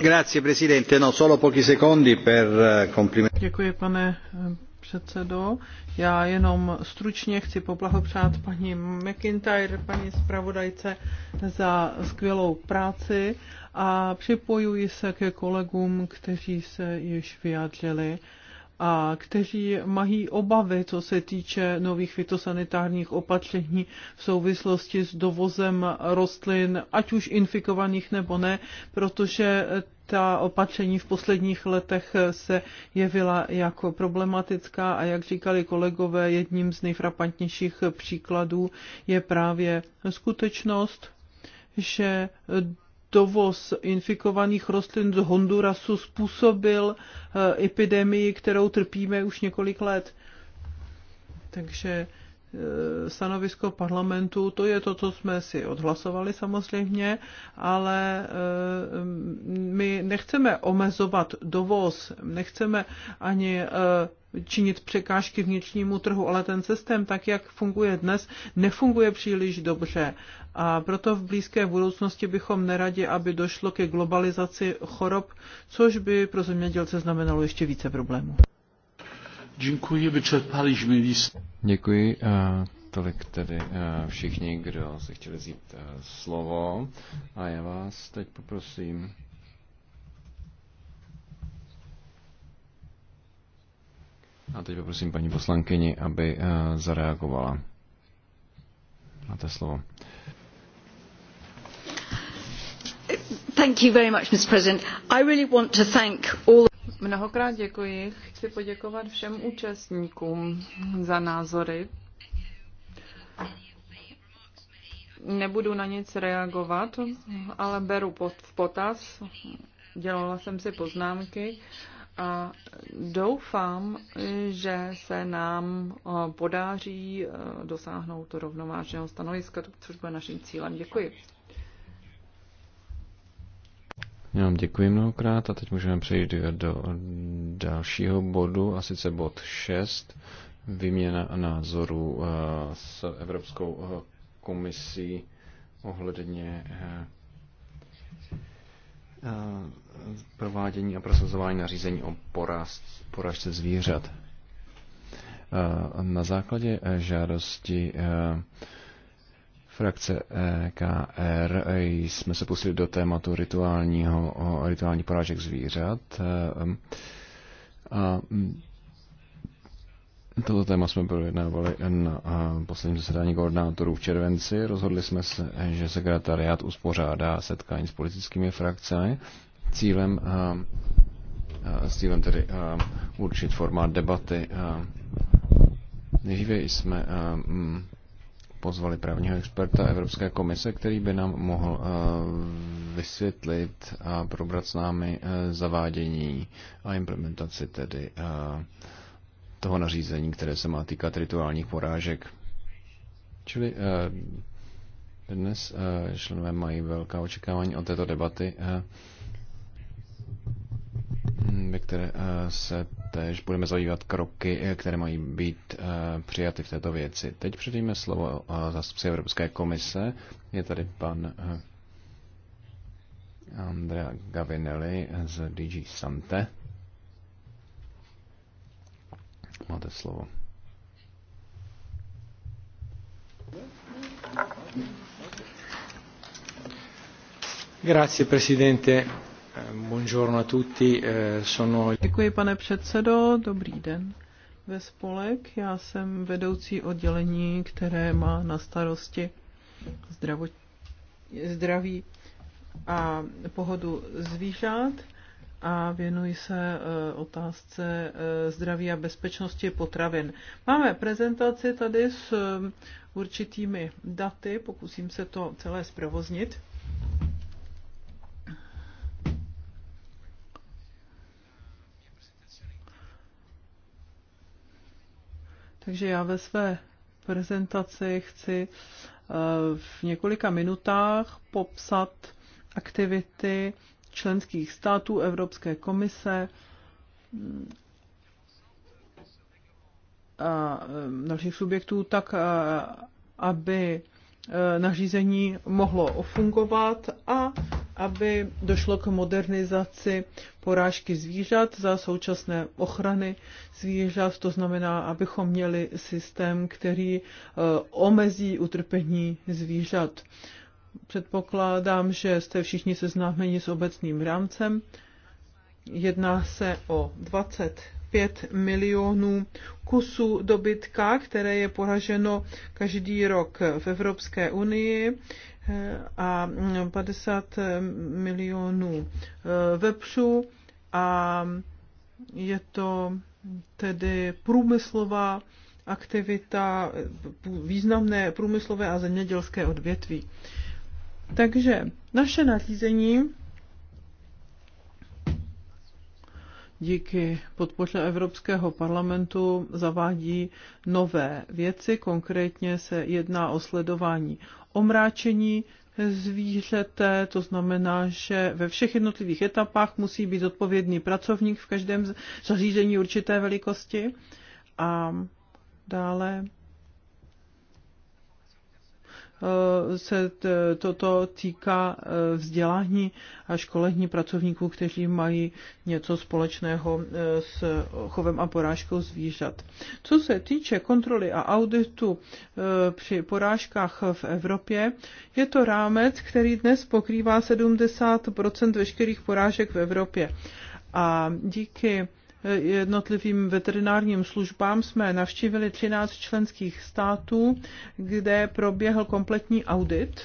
Grazie, presidente. No, solo pochi secondi per eh, complimenti. Děkuji, pane eh, předsedo. Já jenom stručně chci poblahopřát paní McIntyre, paní zpravodajce, za skvělou práci a připojuji se ke kolegům, kteří se již vyjádřili a kteří mají obavy, co se týče nových fitosanitárních opatření v souvislosti s dovozem rostlin, ať už infikovaných nebo ne, protože ta opatření v posledních letech se jevila jako problematická a jak říkali kolegové, jedním z nejfrapantnějších příkladů je právě skutečnost, že dovoz infikovaných rostlin z Hondurasu způsobil eh, epidemii, kterou trpíme už několik let. Takže eh, stanovisko parlamentu, to je to, co jsme si odhlasovali samozřejmě, ale eh, my nechceme omezovat dovoz, nechceme ani činit překážky vnitřnímu trhu, ale ten systém, tak jak funguje dnes, nefunguje příliš dobře. A proto v blízké budoucnosti bychom neradi, aby došlo ke globalizaci chorob, což by pro zemědělce znamenalo ještě více problémů. Děkuji, vyčerpali list. Děkuji. Tolik tedy všichni, kdo si chtěli vzít slovo. A já vás teď poprosím A teď poprosím paní poslankyni, aby eh, zareagovala. Máte slovo. Thank you very much, Mr. President. I really want to thank all Mnohokrát děkuji. Chci poděkovat všem účastníkům za názory. Nebudu na nic reagovat, ale beru v potaz. Dělala jsem si poznámky a doufám, že se nám eh, podaří eh, dosáhnout rovnovážného stanoviska, což bude naším cílem. Děkuji. Já vám děkuji mnohokrát a teď můžeme přejít do dalšího bodu, a sice bod 6, výměna názorů eh, s Evropskou komisí ohledně provádění a prosazování nařízení o porážce poražce zvířat. Eh, na základě eh, žádosti eh, frakce KR jsme se pustili do tématu rituálního, rituální porážek zvířat. A mm, Toto téma jsme projednávali na posledním zasedání koordinátorů v červenci. Rozhodli jsme se, že sekretariát uspořádá setkání s politickými frakcemi cílem, eh, eh, s cílem tedy eh, určit formát debaty. Nejdříve jsme mm, pozvali právního experta Evropské komise, který by nám mohl vysvětlit a probrat s námi zavádění a implementaci tedy toho nařízení, které se má týkat rituálních porážek. Čili dnes členové mají velká očekávání od této debaty. Mm, ve které eh, se též budeme zabývat kroky, eh, které mají být eh, přijaty v této věci. Teď předejme slovo zástupci Evropské komise. Je tady pan Andrea Gavinelli z DG Sante. Máte slovo. Grazie Presidente. Eh, Děkuji, pane předsedo, dobrý den. Ve spolek já jsem vedoucí oddělení, které má na starosti zdravo... zdraví a pohodu zvířat a věnuji se eh, otázce eh, zdraví a bezpečnosti potravin. Máme prezentaci tady s určitými daty, pokusím se to celé zprovoznit. Takže já ve své prezentaci chci eh, v několika minutách popsat aktivity členských států Evropské komise a eh, eh, dalších subjektů tak, aby Eh, nařízení mohlo fungovat a aby došlo k modernizaci porážky zvířat za současné ochrany zvířat, to znamená, abychom měli systém, který eh, omezí utrpení zvířat. Předpokládám, že jste všichni seznámeni s obecným rámcem. Jedná se o 20 5 milionů kusů dobytka, které je poraženo každý rok v Evropské unii eh, a 50 milionů eh, vepřů a je to tedy průmyslová aktivita, významné průmyslové a zemědělské odvětví. Takže naše nařízení díky podpoře Evropského parlamentu zavádí nové věci. Konkrétně se jedná o sledování omráčení zvířete, to znamená, že ve všech jednotlivých etapách musí být odpovědný pracovník v každém zařízení určité velikosti. A dále Eh, se toto týká eh, vzdělání a školení pracovníků, kteří mají něco společného eh, s chovem a porážkou zvířat. Co se týče kontroly a auditu při porážkách v Evropě, je to rámec, který dnes pokrývá 70 veškerých porážek v Evropě. A díky jednotlivým veterinárním službám jsme navštívili 13 členských států, kde proběhl kompletní audit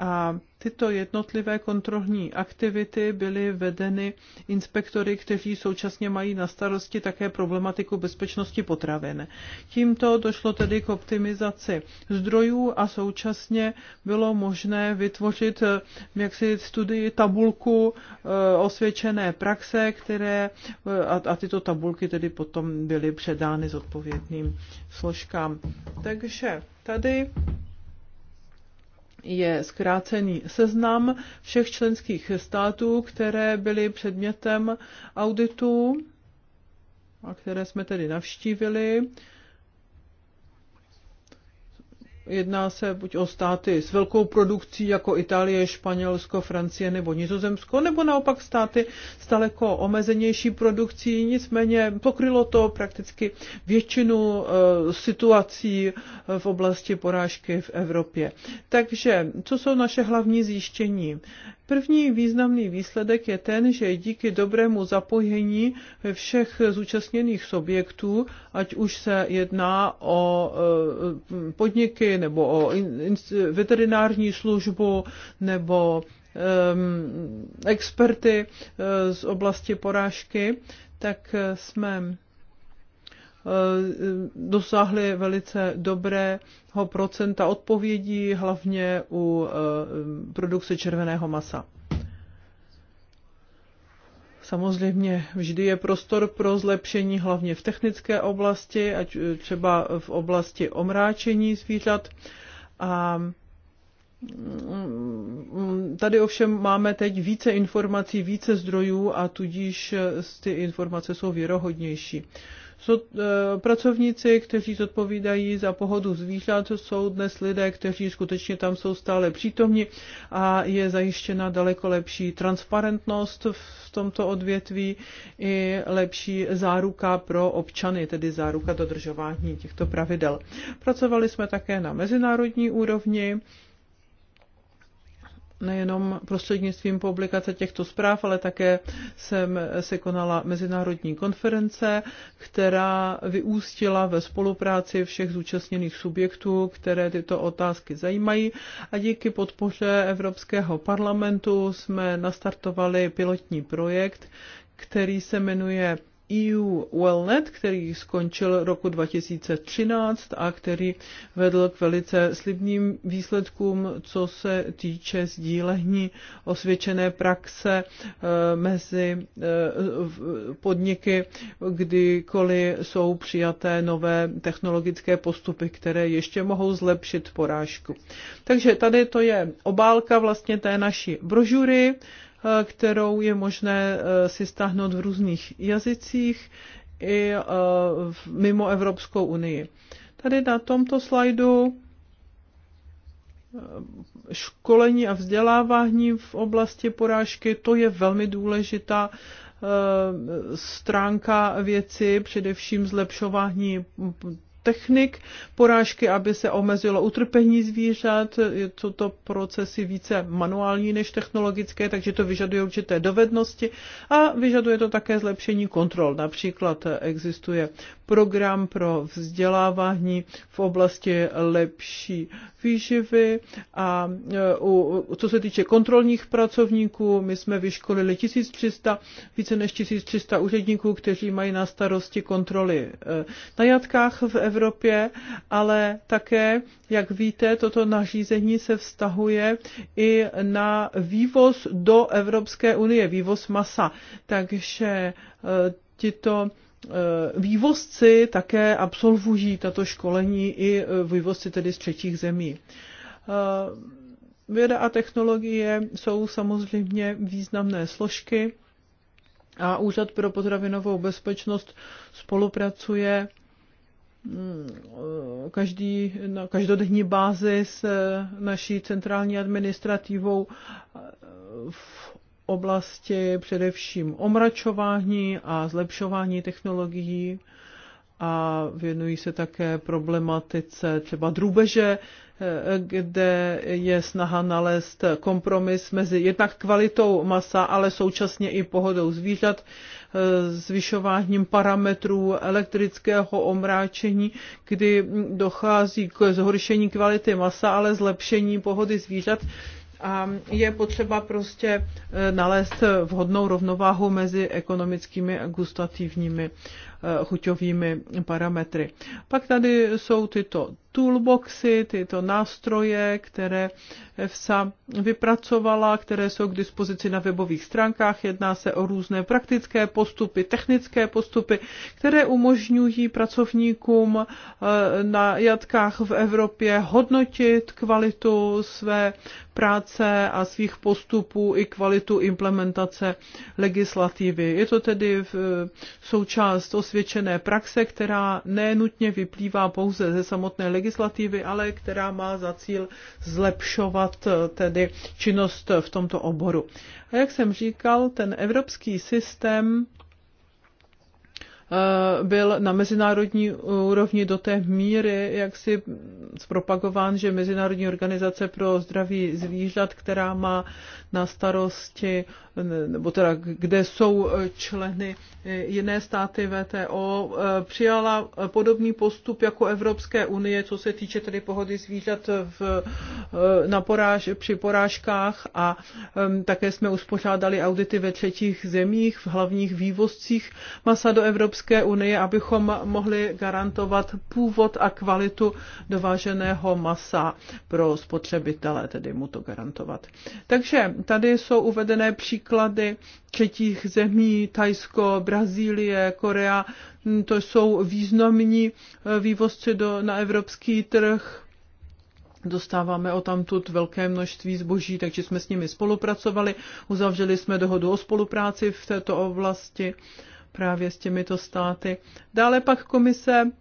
a tyto jednotlivé kontrolní aktivity byly vedeny inspektory, kteří současně mají na starosti také problematiku bezpečnosti potravin. Tímto došlo tedy k optimizaci zdrojů a současně bylo možné vytvořit eh, jaksi studii tabulku eh, osvědčené praxe, které eh, a tyto tabulky tedy potom byly předány zodpovědným složkám. Takže tady je zkrácený seznam všech členských států, které byly předmětem auditu a které jsme tedy navštívili Jedná se buď o státy s velkou produkcí jako Itálie, Španělsko, Francie nebo Nizozemsko, nebo naopak státy s daleko omezenější produkcí. Nicméně pokrylo to prakticky většinu eh, situací eh, v oblasti porážky v Evropě. Takže co jsou naše hlavní zjištění? První významný výsledek je ten, že díky dobrému zapojení všech zúčastněných subjektů, ať už se jedná o eh, podniky, nebo o in, in, veterinární službu nebo um, experty uh, z oblasti porážky, tak eh, jsme eh, dosáhli velice dobrého procenta odpovědí, hlavně u produkce červeného masa. Samozřejmě vždy je prostor pro zlepšení, hlavně v technické oblasti, ať eh, třeba v oblasti omráčení zvířat. A mm, mm, Tady ovšem máme teď více informací, více zdrojů a tudíž eh, ty informace jsou věrohodnější. Eh, pracovníci, kteří zodpovídají za pohodu zvířat, jsou dnes lidé, kteří skutečně tam jsou stále přítomni a je zajištěna daleko lepší transparentnost v tomto odvětví i lepší záruka pro občany, tedy záruka dodržování těchto pravidel. Pracovali jsme také na mezinárodní úrovni, nejenom prostřednictvím publikace těchto zpráv, ale také jsem se konala mezinárodní konference, která vyústila ve spolupráci všech zúčastněných subjektů, které tyto otázky zajímají a díky podpoře Evropského parlamentu jsme nastartovali pilotní projekt, který se jmenuje EU Wellnet, který skončil roku 2013 a který vedl k velice slibným výsledkům, co se týče sdílení osvědčené praxe eh, mezi eh, podniky, kdykoliv jsou přijaté nové technologické postupy, které ještě mohou zlepšit porážku. Takže tady to je obálka vlastně té naší brožury, Eh, kterou je možné eh, si stáhnout v různých jazycích i eh, mimo Evropskou unii. Tady na tomto slajdu školení a vzdělávání v oblasti porážky, to je velmi důležitá stránka věci, především zlepšování technik porážky, aby se omezilo utrpení zvířat. Jsou to procesy více manuální než technologické, takže to vyžaduje určité dovednosti a vyžaduje to také zlepšení kontrol. Například eh, existuje program pro vzdělávání v oblasti lepší výživy a e, u, co se týče kontrolních pracovníků, my jsme vyškolili 1300, více než 1300 úředníků, kteří mají na starosti kontroly e, na jatkách v Evropě, ale také, jak víte, toto nařízení se vztahuje i na vývoz do Evropské unie, vývoz masa. Takže e, tito Eh, vývozci také absolvují tato školení i eh, vývozci tedy z třetích zemí. Eh, věda a technologie jsou samozřejmě významné složky a Úřad pro potravinovou bezpečnost spolupracuje mm, každý, na každodenní bázi s naší centrální administrativou v oblasti především omračování a zlepšování technologií a věnují se také problematice třeba drůbeže, eh, kde je snaha nalézt kompromis mezi jednak kvalitou masa, ale současně i pohodou zvířat, eh, zvyšováním parametrů elektrického omráčení, kdy dochází k zhoršení kvality masa, ale zlepšení pohody zvířat a je potřeba prostě eh, nalézt eh, vhodnou rovnováhu mezi ekonomickými a gustativními eh, chuťovými parametry. Pak tady jsou tyto toolboxy, tyto nástroje, které EFSA vypracovala, které jsou k dispozici na webových stránkách. Jedná se o různé praktické postupy, technické postupy, které umožňují pracovníkům eh, na jatkách v Evropě hodnotit kvalitu své práce a svých postupů i kvalitu implementace legislativy. Je to tedy v součást osvědčené praxe, která nenutně vyplývá pouze ze samotné legislativy, legislativy, ale která má za cíl zlepšovat eh, tedy činnost v tomto oboru. A jak jsem říkal, ten evropský systém eh, byl na mezinárodní úrovni do té míry jak si zpropagován, že Mezinárodní organizace pro zdraví zvířat, která má na starosti, nebo teda kde jsou členy jiné státy VTO eh, přijala eh, podobný postup jako Evropské unie, co se týče tedy pohody zvířat v, eh, na poráž, při porážkách a také jsme uspořádali audity ve třetích zemích, v hlavních vývozcích masa do Evropské unie, abychom mohli garantovat původ a kvalitu dováženého masa pro spotřebitele, tedy mu to garantovat. Takže tady jsou uvedené příklady třetích zemí, Tajsko, Brazílie, Korea, hm, to jsou významní eh, vývozci do, na evropský trh. Dostáváme o tamtud velké množství zboží, takže jsme s nimi spolupracovali. Uzavřeli jsme dohodu o spolupráci v této oblasti právě s těmito státy. Dále pak komise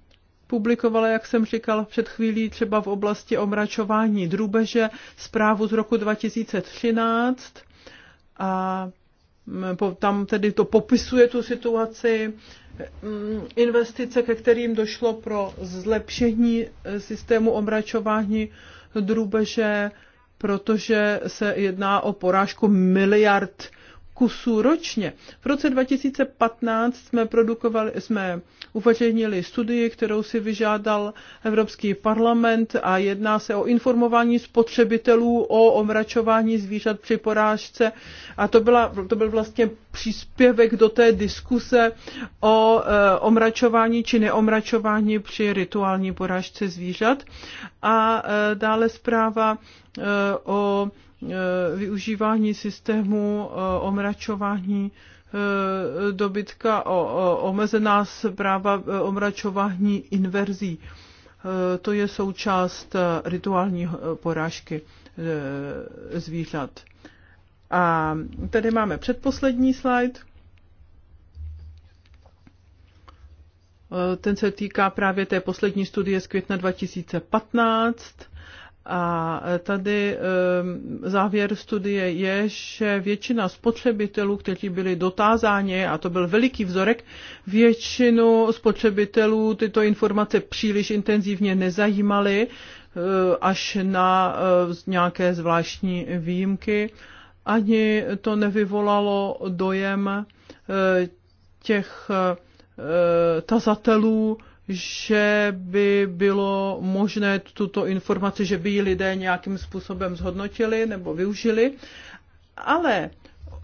publikovala, jak jsem říkal před chvílí, třeba v oblasti omračování drůbeže, zprávu z roku 2013 a tam tedy to popisuje tu situaci, mm, investice, ke kterým došlo pro zlepšení eh, systému omračování drůbeže, protože se jedná o porážku miliard kusů ročně. V roce 2015 jsme, produkovali, jsme uveřejnili studii, kterou si vyžádal Evropský parlament a jedná se o informování spotřebitelů o omračování zvířat při porážce a to, byla, to byl vlastně příspěvek do té diskuse o e, omračování či neomračování při rituální porážce zvířat. A e, dále zpráva e, o Eh, využívání systému eh, omračování eh, dobytka, omezená práva omračování inverzí. To je součást rituální porážky zvířat. A tady máme předposlední slide. Ten se týká právě té poslední studie z května 2015 a tady ehm, závěr studie je, že většina spotřebitelů, kteří byli dotázáni, a to byl veliký vzorek, většinu spotřebitelů tyto informace příliš intenzivně nezajímaly, e, až na e, nějaké zvláštní výjimky. Ani to nevyvolalo dojem e, těch tazatelů, že by bylo možné tuto informaci, že by ji lidé nějakým způsobem zhodnotili nebo využili. Ale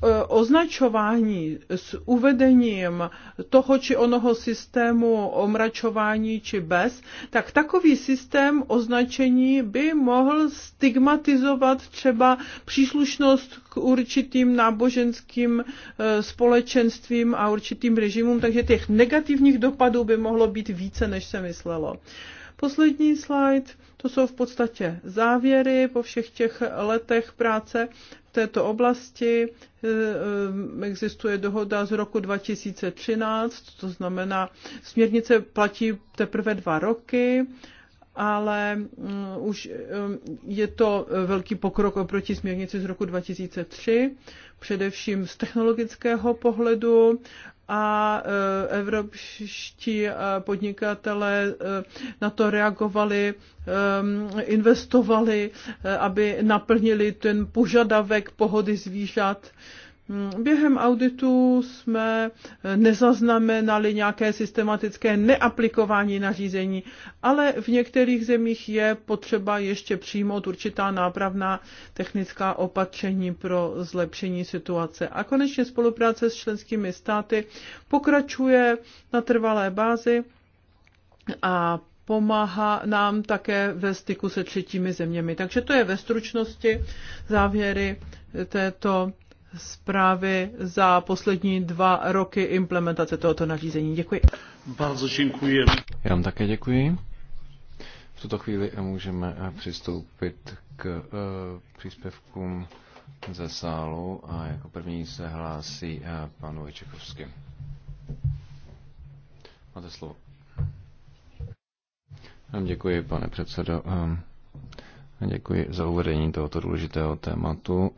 Eh, označování s uvedením toho či onoho systému omračování či bez, tak takový systém označení by mohl stigmatizovat třeba příslušnost k určitým náboženským eh, společenstvím a určitým režimům, takže těch negativních dopadů by mohlo být více, než se myslelo. Poslední slide, to jsou v podstatě závěry po všech těch letech práce v této oblasti. E, e, existuje dohoda z roku 2013, to znamená, směrnice platí teprve dva roky ale mm, už mm, je to velký pokrok oproti směrnici z roku 2003, především z technologického pohledu a eh, evropští eh, podnikatelé eh, na to reagovali, investovali, aby naplnili ten požadavek pohody zvířat Hmm, během auditu jsme eh, nezaznamenali nějaké systematické neaplikování nařízení, ale v některých zemích je potřeba ještě přijmout určitá nápravná technická opatření pro zlepšení situace. A konečně spolupráce s členskými státy pokračuje na trvalé bázi a pomáhá nám také ve styku se třetími zeměmi. Takže to je ve stručnosti závěry této zprávy za poslední dva roky implementace tohoto nařízení. Děkuji. Bardzo děkuji. Já vám také děkuji. V tuto chvíli můžeme eh, přistoupit k eh, příspěvkům ze sálu a jako první se hlásí eh, pan Vojčekovský. Máte slovo. Děkuji, pane předsedo. Děkuji za uvedení tohoto důležitého tématu.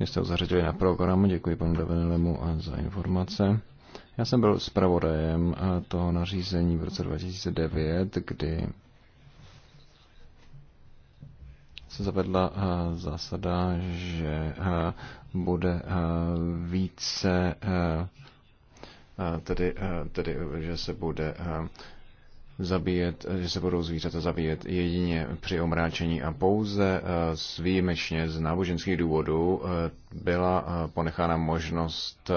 Pěkně jste ho zařadili na programu, Děkuji panu Davenilemu za informace. Já jsem byl zpravodajem toho nařízení v roce 2009, kdy se zavedla zásada, že bude více, tedy, tedy že se bude zabíjet, že se budou zvířata zabíjet jedině při omráčení a pouze eh, s výjimečně z náboženských důvodů eh, byla eh, ponechána možnost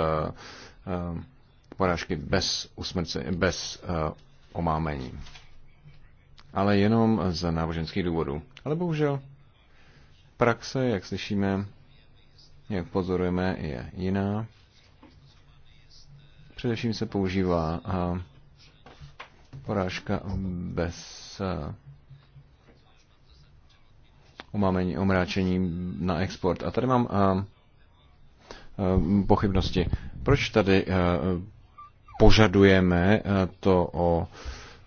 porážky bez, usmrce, bez omámení. Ale jenom z náboženských důvodů. Ale bohužel praxe, jak slyšíme, jak pozorujeme, je jiná. Především se používá porážka bez umámení, eh, omráčení na export. A tady mám eh, eh, pochybnosti. Proč tady požadujeme to o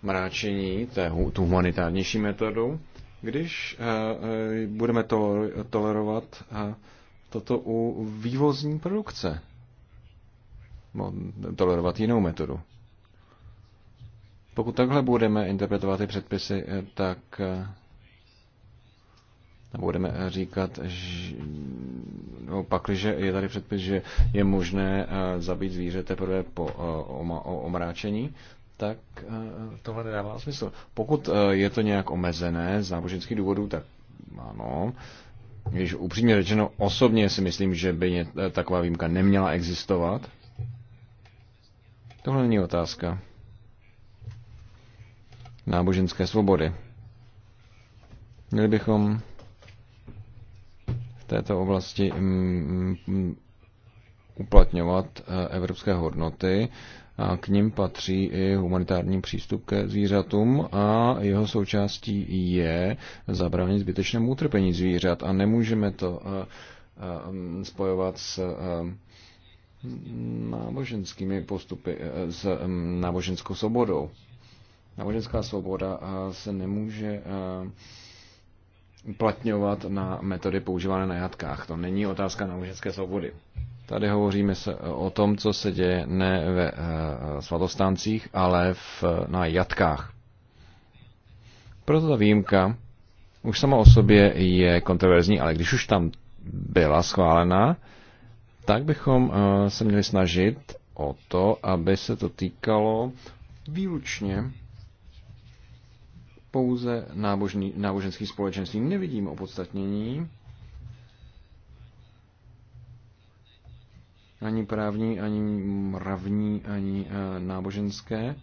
mráčení, tu humanitárnější metodu, když budeme tolerovat toto u vývozní produkce? tolerovat jinou metodu. Pokud takhle budeme interpretovat ty předpisy, eh, tak eh, budeme eh, říkat, že, no, pakliže je tady předpis, že je možné zabít zvíře teprve po omráčení, tak tohle nedává smysl. Pokud je to nějak omezené z náboženských důvodů, tak ano. Když upřímně řečeno, osobně si myslím, že by taková výjimka neměla existovat. Tohle není otázka náboženské svobody. Měli bychom v této oblasti mm, mm, uplatňovat eh, evropské hodnoty a k ním patří i humanitární přístup ke zvířatům a jeho součástí je zabránit zbytečnému utrpení zvířat a nemůžeme to eh, eh, spojovat s náboženskými postupy, s mm, náboženskou svobodou. Náboženská svoboda eh, se nemůže eh, uplatňovat na metody používané na jatkách. To není otázka náboženské svobody. Tady hovoříme se eh, o tom, co se děje ne ve svatostáncích, ale v, na jatkách. Proto ta výjimka už sama o sobě je kontroverzní, ale když už tam byla schválena, tak bychom se měli snažit o to, aby se to týkalo výlučně pouze nábožný, náboženský společenství. Nevidím opodstatnění ani právní, ani mravní, ani eh, náboženské.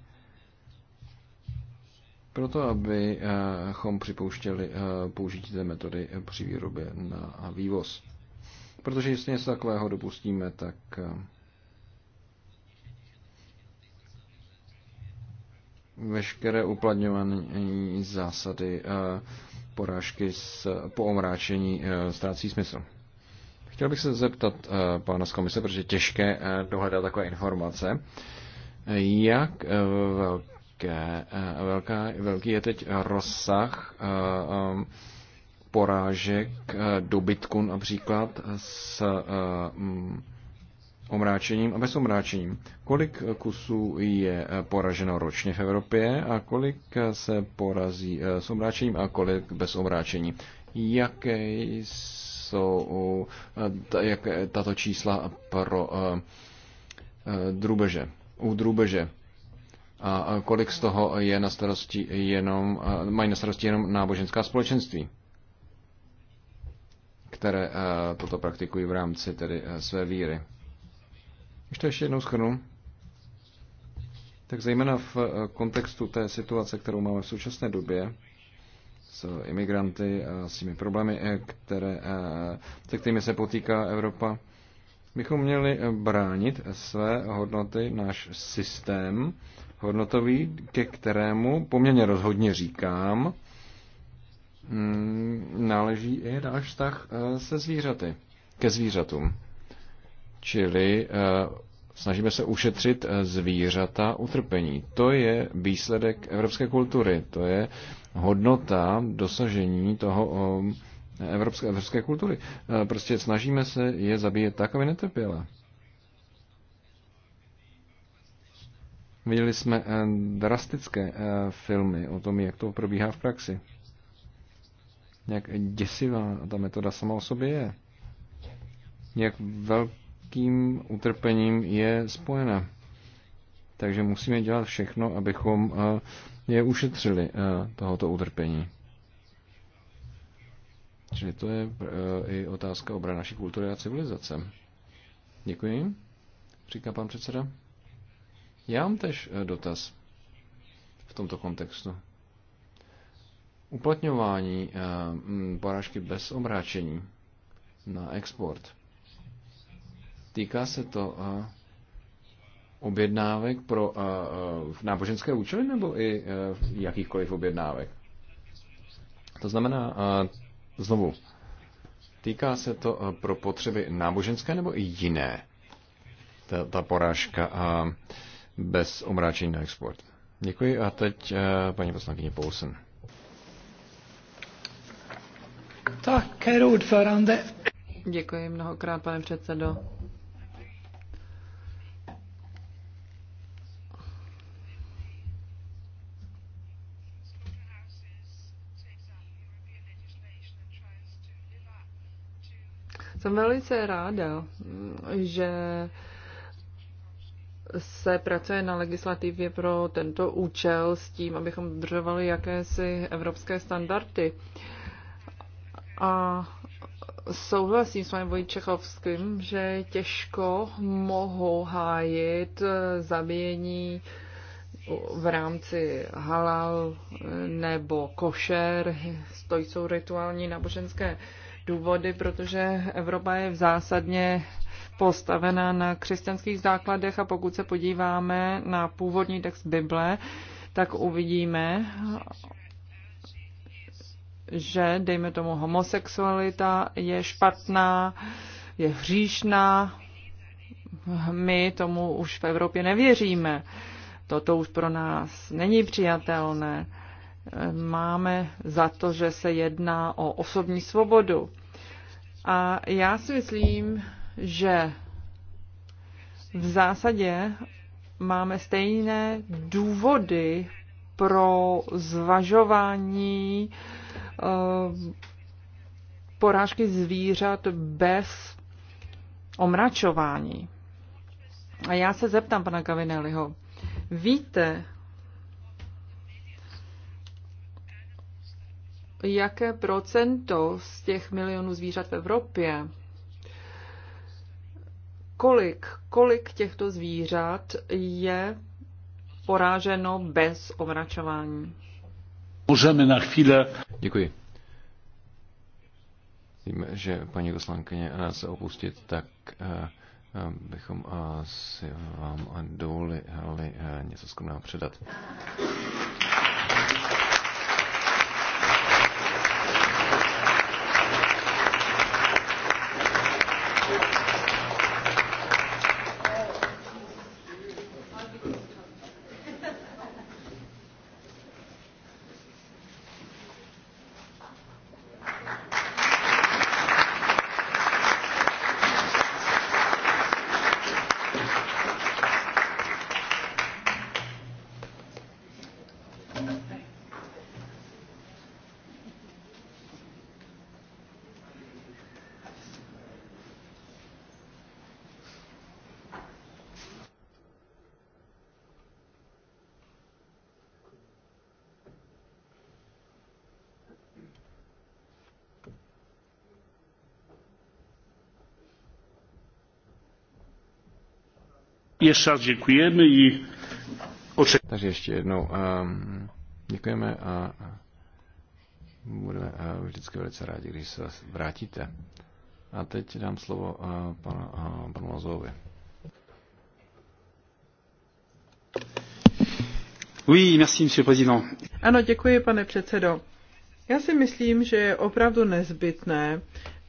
Proto, abychom eh, připouštěli eh, použití té metody při výrobě na vývoz. Protože jestli něco takového dopustíme, tak veškeré uplatňované zásady eh, porážky s, po omráčení eh, ztrácí smysl. Chtěl bych se zeptat eh, pána z komise, protože je těžké dohledat takové informace, jak velké, velká, velký je teď rozsah porážek dobytku například s omráčením a bez omráčením. Kolik kusů je eh, poraženo ročně v Evropě a kolik eh, se porazí eh, s omráčením a kolik bez omráčení? Jaké jsou jak tato čísla pro drubeže? U drubeže. a kolik z toho je na starosti jenom, mají na starosti jenom náboženská společenství, které toto praktikují v rámci tedy své víry. Když to ještě jednou schrnu, tak zejména v eh, kontextu té situace, kterou máme v současné době, s imigranty a s těmi problémy, eh, které, eh, se kterými se potýká Evropa, bychom měli bránit své hodnoty, náš systém hodnotový, ke kterému poměrně rozhodně říkám, mm, náleží i náš vztah se zvířaty, ke zvířatům. Čili eh, snažíme se ušetřit eh, zvířata utrpení. To je výsledek evropské kultury, to je hodnota dosažení toho eh, evropské, evropské kultury. Prostě snažíme se je zabíjet tak, aby netrpěla. Viděli jsme drastické filmy o tom, jak to probíhá v praxi. Jak děsivá ta metoda sama o sobě je. Jak velký lidským utrpením je spojena. Takže musíme dělat všechno, abychom eh, je ušetřili eh, tohoto utrpení. Čili to je eh, i otázka obrany naší kultury a civilizace. Děkuji, říká pan předseda. Já mám tež dotaz v tomto kontextu. Uplatňování porážky bez obráčení na export. Týká se to eh, objednávek pro eh, eh, náboženské účely nebo i jakýchkoliv objednávek? To znamená, znovu, týká se to pro potřeby náboženské nebo i jiné? Ta, ta porážka bez omráčení na export. Děkuji a teď paní poslankyně Poulsen. Tak, herr ordförande. Děkuji mnohokrát, pane předsedo. Jsem velice ráda, že se pracuje na legislativě pro tento účel s tím, abychom dodržovali jakési evropské standardy. A souhlasím s panem Vojčechovským, že těžko mohou hájit zabíjení v rámci halal nebo košer, to jsou rituální náboženské důvody, protože Evropa je v zásadně postavena na křesťanských základech a pokud se podíváme na původní text Bible, tak uvidíme, že, dejme tomu, homosexualita je špatná, je hříšná. My tomu už v Evropě nevěříme. Toto už pro nás není přijatelné máme za to, že se jedná o osobní svobodu. A já si myslím, že v zásadě máme stejné důvody pro zvažování eh, porážky zvířat bez omračování. A já se zeptám pana Gavinelliho. Víte, jaké procento z těch milionů zvířat v Evropě, kolik, kolik těchto zvířat je poráženo bez omračování? Můžeme na chvíli. Děkuji. Víme, že paní poslankyně nás opustit, tak eh, eh, bychom eh, si vám dovolili něco skromného předat. Jeszcze raz dziękujemy i Takže ještě jednou um, děkujeme a budeme uh, vždycky velice rádi, když se vrátíte. A teď dám slovo uh, panu, uh, panu Lazovi. Oui, merci, monsieur président. Ano, děkuji, pane předsedo. Já si myslím, že je opravdu nezbytné,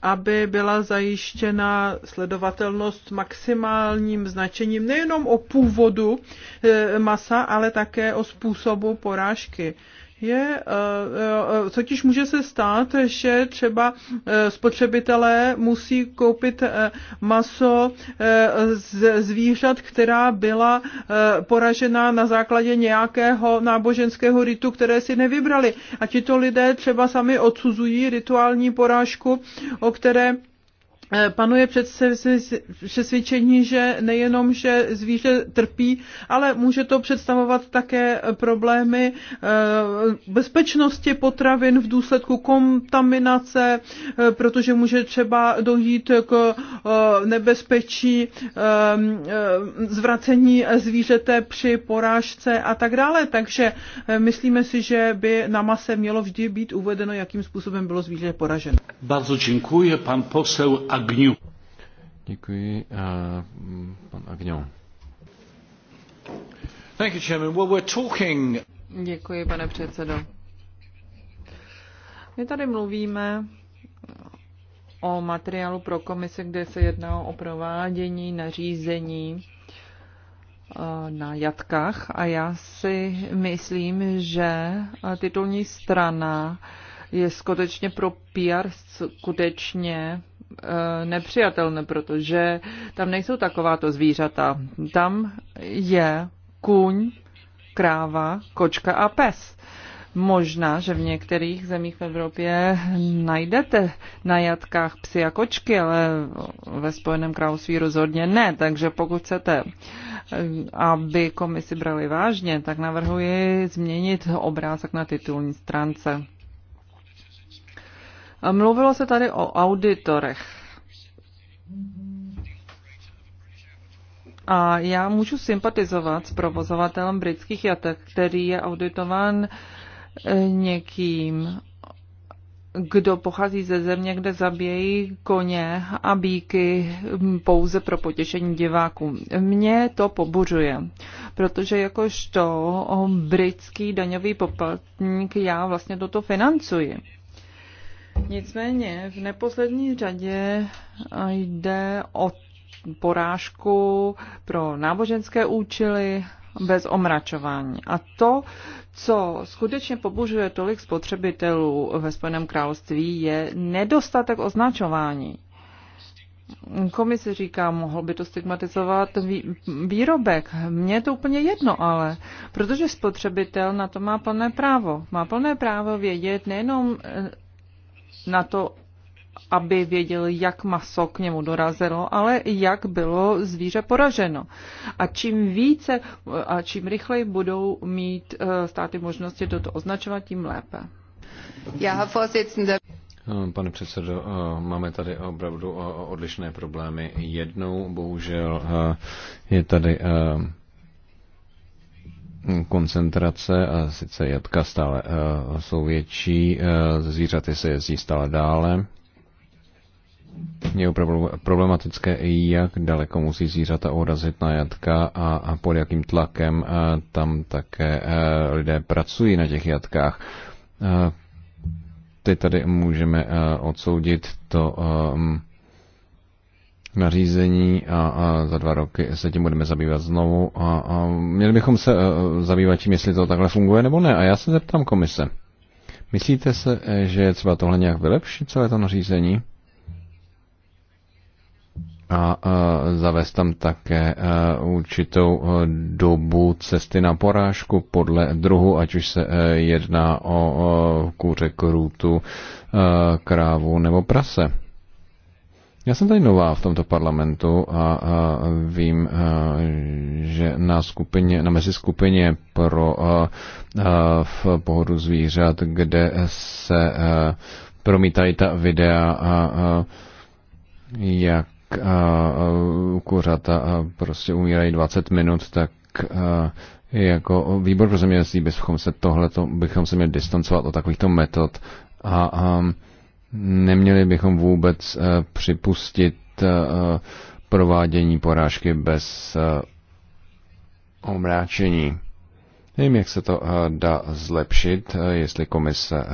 aby byla zajištěna sledovatelnost maximálním značením nejenom o původu eh, masa, ale také o způsobu porážky je, eh, eh, totiž může se stát, že třeba eh, spotřebitelé musí koupit maso z zvířat, která byla poražena na základě nějakého náboženského ritu, které si nevybrali. A tito lidé třeba sami odsuzují rituální porážku, o které Eh, panuje přesvědčení, že nejenom, že zvíře trpí, ale může to představovat také problémy eh, bezpečnosti potravin v důsledku kontaminace, eh, protože může třeba dojít k nebezpečí zvracení zvířete při porážce a tak dále. Takže myslíme si, že by na mase mělo vždy být uvedeno, jakým způsobem bylo zvíře poraženo. Bardzo dziękuję. Pan poseł Ag- Agňu. Děkuji. Uh, pan Agňou. Thank you, Chairman. Well, we're talking... Děkuji, pane předsedo. My tady mluvíme o materiálu pro komise, kde se jedná o provádění nařízení na jatkách a já si myslím, že titulní strana je skutečně pro PR skutečně Eh, nepřijatelné, protože tam nejsou takováto zvířata. Tam je kůň, kráva, kočka a pes. Možná, že v některých zemích v Evropě najdete na jatkách psy a kočky, ale ve Spojeném království rozhodně ne. Takže pokud chcete, eh, aby komisi brali vážně, tak navrhuji změnit obrázek na titulní stránce. Mluvilo se tady o auditorech. A já můžu sympatizovat s provozovatelem britských jatek, který je auditován eh, někým, kdo pochází ze země, kde zabíjejí koně a bíky hm, pouze pro potěšení diváků. Mě to pobuřuje, protože jakožto britský daňový poplatník já vlastně toto financuji. Nicméně v neposlední řadě eh, jde o porážku pro náboženské účely bez omračování. A to, co skutečně pobužuje tolik spotřebitelů ve Spojeném království, je nedostatek označování. Komise říká, mohl by to stigmatizovat výrobek. Mně je to úplně jedno, ale protože spotřebitel na to má plné právo. Má plné právo vědět nejenom eh, na to, aby věděl, jak maso k němu dorazilo, ale jak bylo zvíře poraženo. A čím více a čím rychleji budou mít eh, státy možnosti toto označovat, tím lépe. Já, eh, Pane předsedo, eh, máme tady opravdu odlišné problémy. Jednou, bohužel, je tady koncentrace, a sice jatka stále eh, jsou větší, eh, ze zvířaty se jezdí stále dále. Je opravdu problematické, jak daleko musí zvířata urazit na jatka a, a pod jakým tlakem eh, tam také lidé pracují na těch jatkách. Teď tady můžeme odsoudit to nařízení a, a za dva roky se tím budeme zabývat znovu a, a měli bychom se uh, zabývat tím, jestli to takhle funguje nebo ne. A já se zeptám komise. Myslíte se, e, že je třeba tohle nějak vylepšit, celé to nařízení? A uh, zavést tam také uh, určitou uh, dobu cesty na porážku podle druhu, ať už se uh, jedná o uh, kůře, krůtu, uh, krávu nebo prase. Já jsem tady nová v tomto parlamentu a, a vím, a, že na, skupině, na mezi skupině pro a, a, v pohodu zvířat, kde se a, promítají ta videa, a, a, jak a, a, kuřata a prostě umírají 20 minut, tak a, jako výbor pro zemědělství bychom se tohleto, bychom se měli distancovat od takovýchto metod a, a Neměli bychom vůbec eh, připustit eh, provádění porážky bez eh, omráčení. Nevím, jak se to dá zlepšit, jestli komise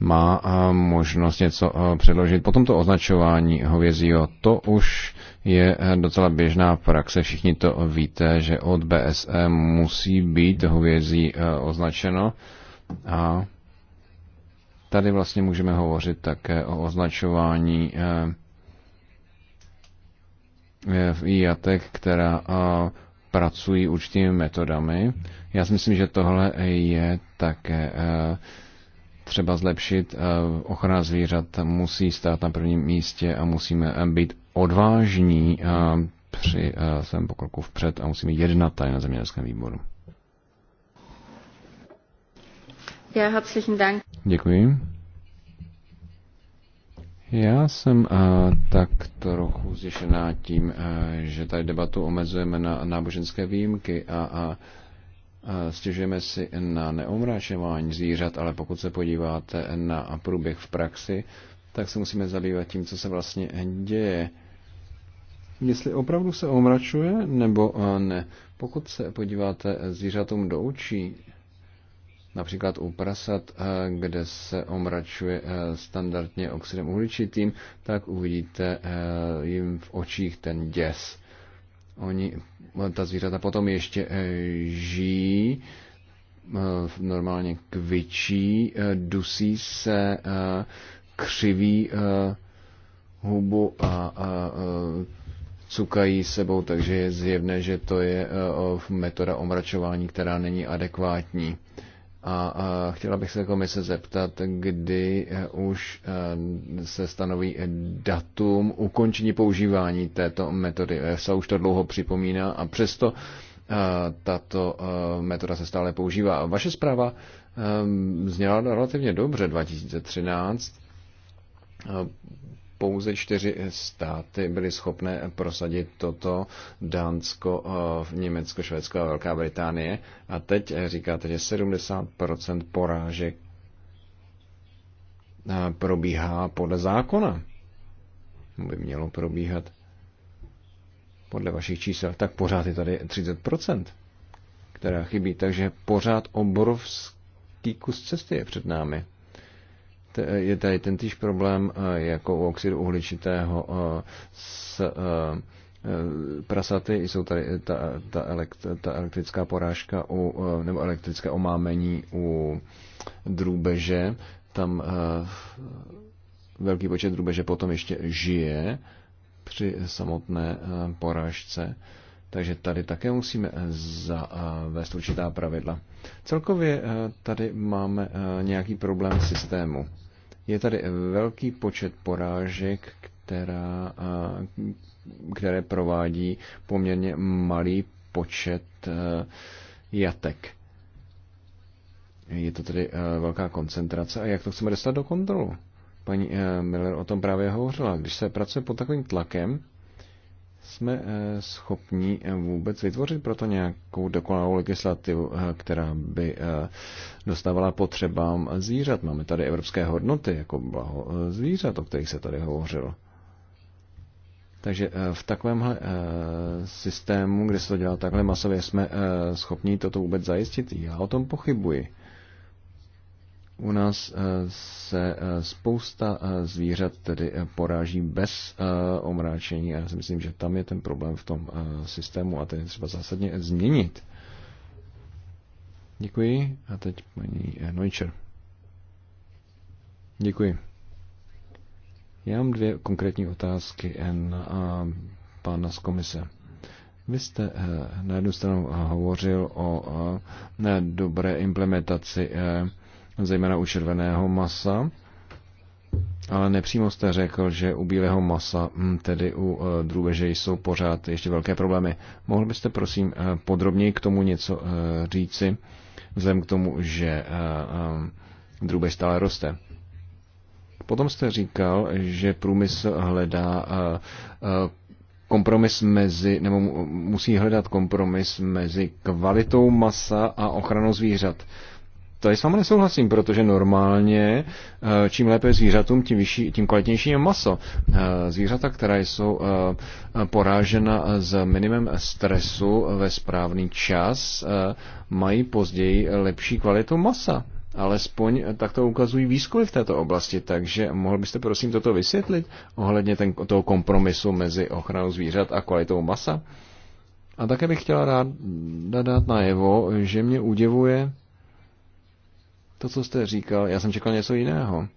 má možnost něco předložit. Potom to označování hovězího, to už je docela běžná praxe. Všichni to víte, že od BSE musí být hovězí označeno a Tady vlastně můžeme hovořit také o označování jatek, eh, eh, která eh, pracují určitými metodami. Já si myslím, že tohle je také třeba zlepšit. Ochrana zvířat musí stát na prvním místě a musíme být odvážní při svém pokroku vpřed a musíme jednat tady na zemědělském výboru. Ja, herzlichen Dank. Děkuji. Já jsem a, eh, tak trochu zješená tím, a, eh, že tady debatu omezujeme na náboženské výjimky a, a, a stěžujeme si na neomrášování zvířat, ale pokud se podíváte na průběh v praxi, tak se musíme zabývat tím, co se vlastně děje. Jestli opravdu se omračuje nebo eh, ne. Pokud se podíváte zvířatům do očí, například u prasat, eh, kde se omračuje eh, standardně oxidem uhličitým, tak uvidíte eh, jim v očích ten děs. Oni, ta zvířata potom ještě žijí, normálně kvičí, dusí se, křiví hubu a, a cukají sebou, takže je zjevné, že to je metoda omračování, která není adekvátní. A chtěla bych se komise zeptat, kdy eh, už eh, se stanoví datum ukončení používání této metody. Eh, se už to dlouho připomíná a přesto tato metoda se stále používá. Vaše zpráva zněla relativně dobře 2013 pouze čtyři státy byly schopné prosadit toto, Dánsko, eh, Německo, Švédsko a Velká Británie. A teď eh, říkáte, že 70% porážek eh, probíhá podle zákona. By mělo probíhat podle vašich čísel, tak pořád je tady 30%, která chybí. Takže pořád obrovský kus cesty je před námi je tady ten týž problém eh, jako u oxidu uhličitého eh, s eh, prasaty, jsou tady ta, ta, elekt, ta elektrická porážka u, nebo elektrické omámení u drůbeže, tam velký počet drůbeže potom ještě žije při samotné porážce. Takže tady také musíme zavést určitá pravidla. Celkově tady máme nějaký problém systému. Je tady velký počet porážek, která, které provádí poměrně malý počet e, jatek. Je to tedy e, velká koncentrace. A jak to chceme dostat do kontrolu? Paní e, Miller o tom právě hovořila. Když se pracuje pod takovým tlakem, jsme eh, schopni eh, vůbec vytvořit proto nějakou dokonalou legislativu, eh, která by dostávala potřebám zvířat. Máme tady evropské hodnoty jako blaho zvířat, o kterých se tady hovořilo. Takže v takovémhle systému, kde se to dělá takhle masově, jsme schopni toto vůbec zajistit? Já o tom pochybuji. U nás eh, se eh, spousta eh, zvířat tedy poráží bez omráčení a já si myslím, že tam je ten problém v tom systému a ten je třeba zásadně změnit. Děkuji a teď paní Neutscher. Děkuji. Já mám dvě konkrétní otázky na pána z komise. Vy jste na jednu stranu hovořil o dobré implementaci zejména u červeného masa. Ale nepřímo jste řekl, že u bílého masa, mm, tedy u e, drůbeže, jsou pořád ještě velké problémy. Mohl byste prosím e, podrobněji k tomu něco e, říci, vzhledem k tomu, že drůbež stále roste? Potom jste říkal, že průmysl hledá kompromis mezi, nebo musí hledat kompromis mezi kvalitou masa a ochranou zvířat. Tady s vámi nesouhlasím, protože normálně eh, čím lépe zvířatům, tím, vyšší, tím kvalitnější je maso. Eh, zvířata, která jsou eh, porážena s minimem stresu ve správný čas, mají později lepší kvalitu masa. Alespoň tak to ukazují výzkumy v této oblasti, takže mohl byste prosím toto vysvětlit ohledně ten, toho kompromisu mezi ochranou zvířat a kvalitou masa? A také bych chtěla rád dát najevo, že mě udivuje, to, co jste říkal, já jsem čekal něco jiného.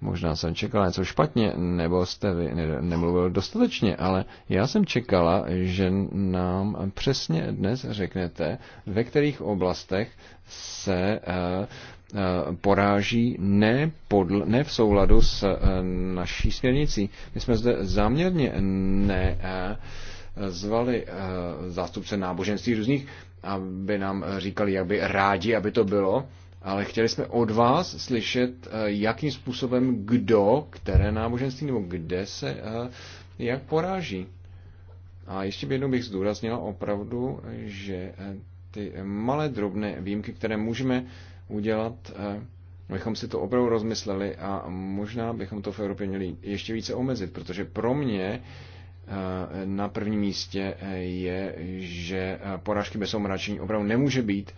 Možná jsem čekal něco špatně, nebo jste vy ne, nemluvil dostatečně, ale já jsem čekala, že nám přesně dnes řeknete, ve kterých oblastech se uh, uh, poráží ne, podl, ne v souladu s uh, naší směrnicí. My jsme zde záměrně ne zvali zástupce náboženství různých, aby nám říkali, jak by rádi, aby to bylo ale chtěli jsme od vás slyšet, eh, jakým způsobem kdo, které náboženství nebo kde se eh, jak poráží. A ještě jednou bych zdůraznila opravdu, že eh, ty malé drobné výjimky, které můžeme udělat, bychom si to opravdu rozmysleli a možná bychom to v Evropě měli ještě více omezit, protože pro mě na prvním místě je, že porážky bez omračení opravdu nemůže být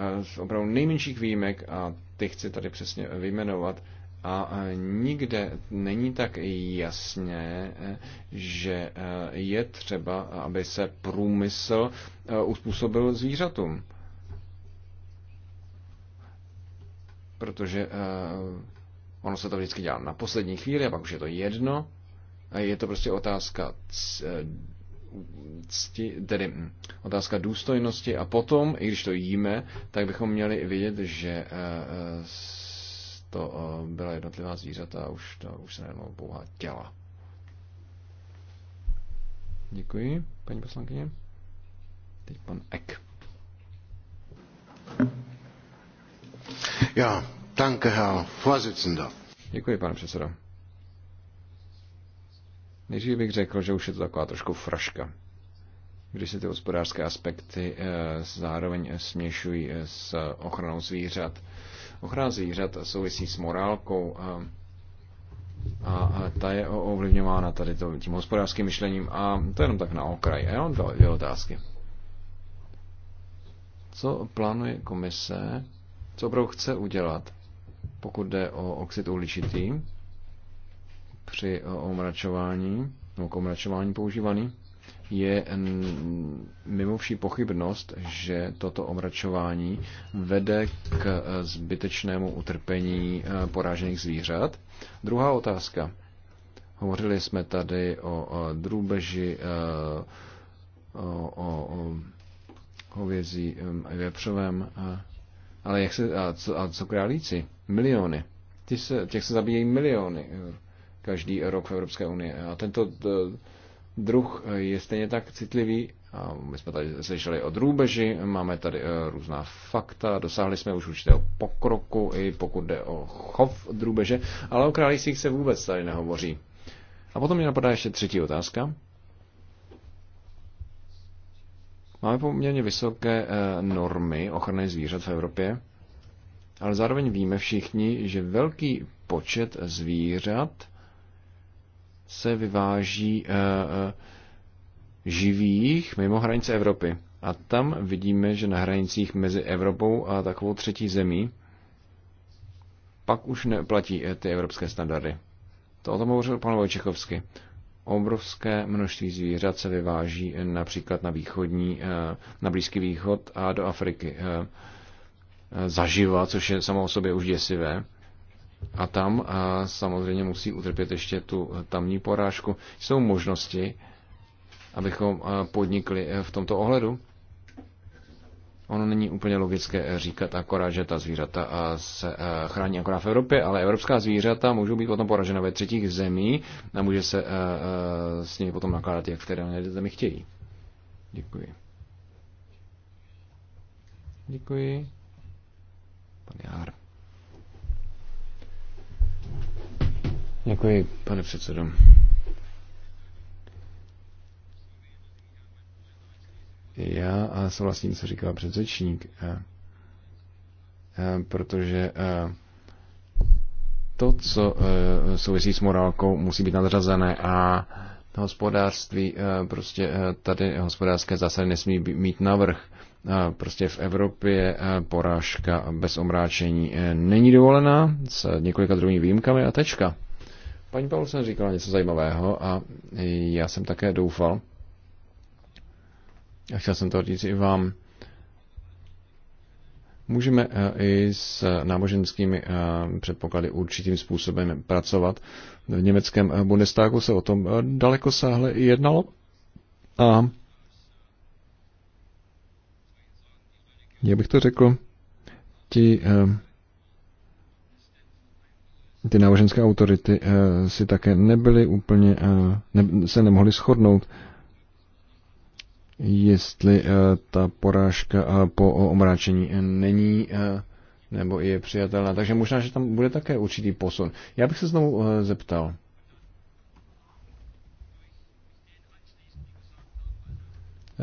Eh, z opravdu nejmenších výjimek, a ty chci tady přesně vyjmenovat, a eh, nikde není tak jasně, eh, že je třeba, aby se průmysl uspůsobil zvířatům. Protože ono se to vždycky dělá na poslední chvíli a pak už je to jedno. Je to prostě otázka cti, tedy otázka důstojnosti a potom, i když to jíme, tak bychom měli vědět, že eh, to eh, byla jednotlivá zvířata a už, to, už se nejednou pouhá těla. Děkuji, paní poslankyně. Teď pan Ek. Já, danke, Herr Vorsitzender. Děkuji, pane předsedo. Nejdřív bych řekl, že už je to taková trošku fraška, když se ty hospodářské aspekty eh, zároveň směšují eh, s ochranou zvířat. Ochrana zvířat souvisí s morálkou eh, a ta je ovlivňována tady tím hospodářským myšlením a to je jenom tak na okraj. A já mám dvě otázky. Co plánuje komise, co opravdu chce udělat, pokud jde o oxid uhličitý, při eh, omračování, nebo k omračování používaný, je mimo vší pochybnost, že toto omračování vede k eh, zbytečnému utrpení eh, porážených zvířat. Druhá otázka. Hovořili jsme tady o drůbeži, o, o hovězí vepřovém, ale jak se, a co, a co králíci? Miliony. Ty se, těch se zabíjejí miliony každý rok v Evropské unii. A tento eh, druh eh, je stejně tak citlivý. A my jsme tady slyšeli o drůbeži, máme tady eh, různá fakta, dosáhli jsme už určitého pokroku, i pokud jde o chov drůbeže, ale o králících se vůbec tady nehovoří. A potom mě napadá ještě třetí otázka. Máme poměrně vysoké normy ochrany zvířat v Evropě, ale zároveň víme všichni, že velký počet zvířat se vyváží eh, eh, živých mimo hranice Evropy. A tam vidíme, že na hranicích mezi Evropou a takovou třetí zemí pak už neplatí eh, ty evropské standardy. To o tom hovořil pan Vojčechovsky. Obrovské množství zvířat se vyváží například na východní, na Blízký východ a do Afriky zaživa, což je samo o sobě už děsivé. A tam a samozřejmě musí utrpět ještě tu tamní porážku. Jsou možnosti, abychom podnikli e, v tomto ohledu? Ono není úplně logické e, říkat akorát, že ta zvířata se e, chrání akorát v Evropě, ale evropská zvířata můžou být potom poražena ve třetích zemí a může se s nimi potom nakládat, jak v té zemi chtějí. Děkuji. Děkuji. Pan Jár. Děkuji, pane předsedo. Já a souhlasím, co říkal předřečník, protože to, co souvisí s morálkou, musí být nadřazené a hospodářství, prostě tady hospodářské zásady nesmí mít navrh. Prostě v Evropě porážka bez omráčení e, není dovolená s několika druhými výjimkami a tečka. Paní jsem říkala něco zajímavého a já jsem také doufal, a chtěl jsem to říct i vám, můžeme eh, i s náboženskými eh, předpoklady určitým způsobem pracovat. V německém eh, Bundestagu se o tom daleko sáhle i jednalo a já bych to řekl, ti ty náboženské autority eh, si také nebyly úplně, eh, ne, se nemohly shodnout, jestli eh, ta porážka po omráčení není nebo je přijatelná. Takže možná, že tam bude také určitý posun. Já bych se znovu zeptal.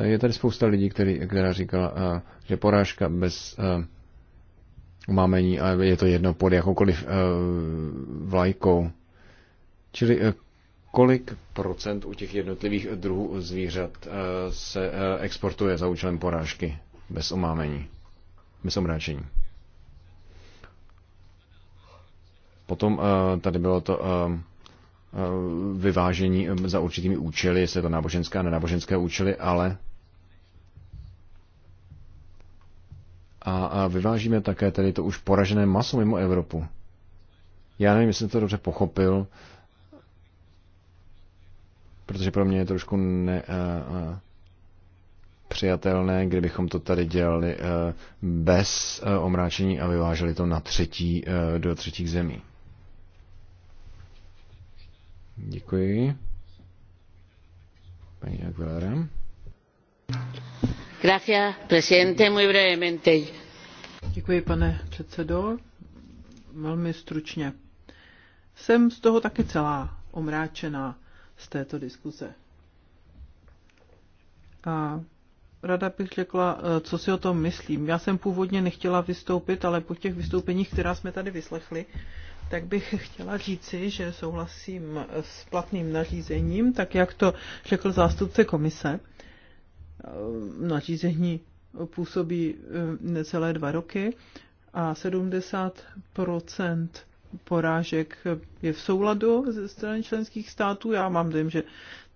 Je tady spousta lidí, který, která říkala, že porážka bez umámení a je to jedno pod jakoukoliv eh, vlajkou. Čili eh, kolik procent u těch jednotlivých druhů zvířat eh, se exportuje za účelem porážky bez umámení, bez omráčení? Potom tady bylo to vyvážení za určitými účely, jestli je to náboženské a nenáboženské účely, ale a, a vyvážíme také tedy to už poražené maso mimo Evropu. Já nevím, jestli jsem to dobře pochopil, protože pro mě je trošku ne, uh, uh, přijatelné, kdybychom to tady dělali uh, bez uh, omráčení a vyváželi to na třetí, uh, do třetích zemí. Děkuji. Paní Aguilera pane předsedající Velmi stručně. Jsem z toho taky celá omráčená z této diskuze. A rada bych řekla, eh, co si o tom myslím. Já jsem původně nechtěla vystoupit, ale po těch vystoupeních, která jsme tady vyslechli, tak bych chtěla říci, že souhlasím s platným nařízením, tak jak to řekl zástupce komise. Eh, nařízení působí eh, necelé dva roky a 70 porážek je v souladu ze strany členských států. Já mám dojem, že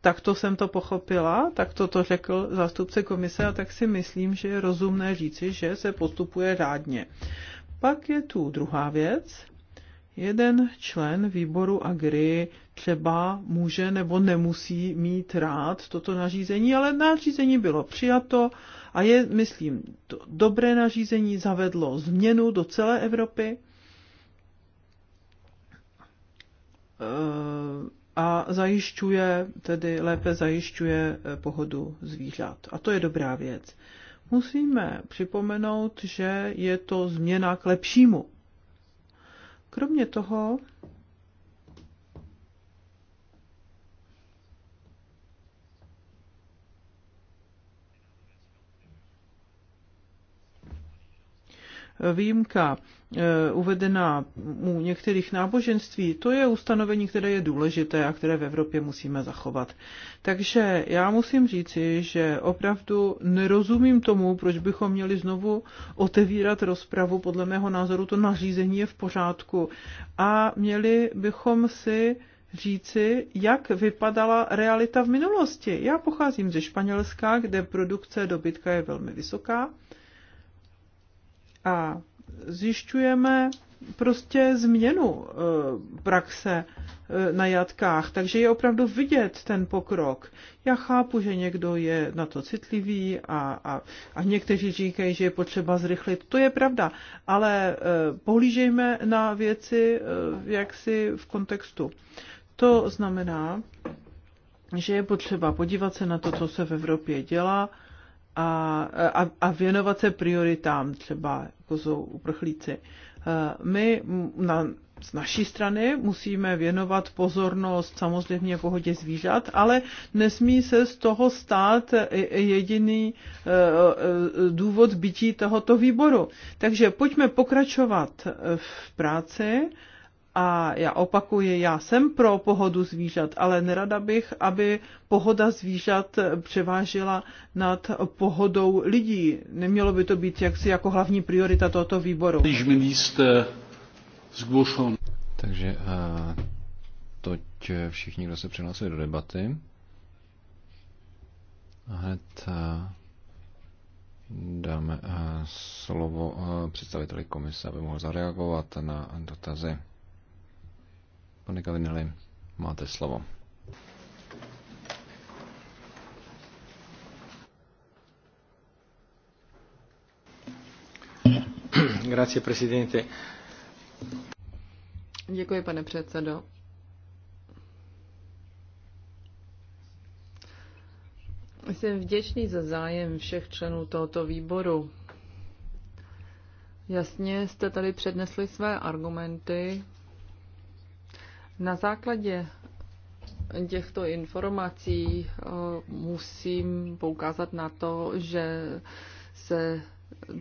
takto jsem to pochopila, takto to řekl zástupce komise a tak si myslím, že je rozumné říci, že se postupuje rádně. Pak je tu druhá věc. Jeden člen výboru Agri třeba může nebo nemusí mít rád toto nařízení, ale nařízení bylo přijato a je, myslím, to dobré nařízení zavedlo změnu do celé Evropy. Eh, a zajišťuje, tedy lépe zajišťuje eh, pohodu zvířat. A to je dobrá věc. Musíme připomenout, že je to změna k lepšímu. Kromě toho výjimka eh, uvedená u některých náboženství, to je ustanovení, které je důležité a které v Evropě musíme zachovat. Takže já musím říci, že opravdu nerozumím tomu, proč bychom měli znovu otevírat rozpravu. Podle mého názoru to nařízení je v pořádku. A měli bychom si říci, jak vypadala realita v minulosti. Já pocházím ze Španělska, kde produkce dobytka je velmi vysoká a zjišťujeme prostě změnu eh, praxe eh, na jatkách, takže je opravdu vidět ten pokrok. Já chápu, že někdo je na to citlivý a, a, a někteří říkají, že je potřeba zrychlit. To je pravda, ale eh, pohlížejme na věci jaksi v kontextu. To znamená, že je potřeba podívat se na to, co se v Evropě dělá, a, a, a věnovat se prioritám, třeba jako jsou uprchlíci. E, my na, z naší strany musíme věnovat pozornost samozřejmě pohodě zvířat, ale nesmí se z toho stát e, e, jediný důvod bytí tohoto výboru. Takže pojďme pokračovat v práci a já opakuji, já jsem pro pohodu zvířat, ale nerada bych, aby pohoda zvířat převážila nad pohodou lidí. Nemělo by to být jaksi jako hlavní priorita tohoto výboru. Když mi jste zglušen. Takže a, e, toť e, všichni, kdo se přihlásili do debaty. A hned a, e, dáme a, slovo představiteli komise, aby mohl zareagovat na dotazy. Pane Gavinelli, máte slovo. Grazie, presidente. Děkuji, pane předsedo. Jsem vděčný za zájem všech členů tohoto výboru. Jasně jste tady přednesli své argumenty na základě těchto informací eh, musím poukázat na to, že se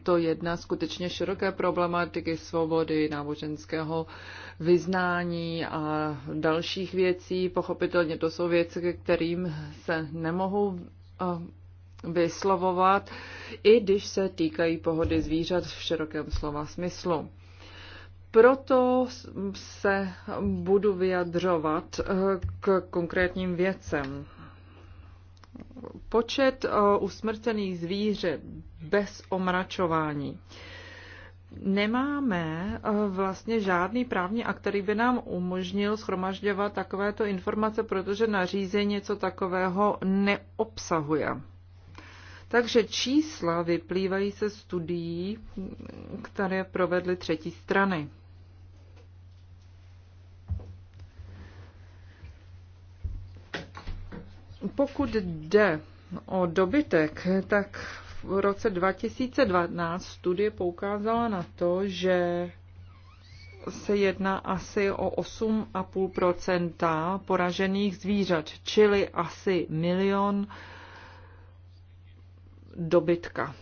to jedná skutečně široké problematiky svobody, náboženského vyznání a dalších věcí. Pochopitelně to jsou věci, ke kterým se nemohou eh, vyslovovat, i když se týkají pohody zvířat v širokém slova smyslu. Proto se budu vyjadřovat eh, k konkrétním věcem. Počet eh, usmrcených zvířat bez omračování. Nemáme eh, vlastně žádný právní akt, který by nám umožnil schromažďovat takovéto informace, protože nařízení něco takového neobsahuje. Takže čísla vyplývají se studií, které provedly třetí strany. Pokud jde o dobytek, tak v roce 2012 studie poukázala na to, že se jedná asi o 8,5 poražených zvířat, čili asi milion dobytka.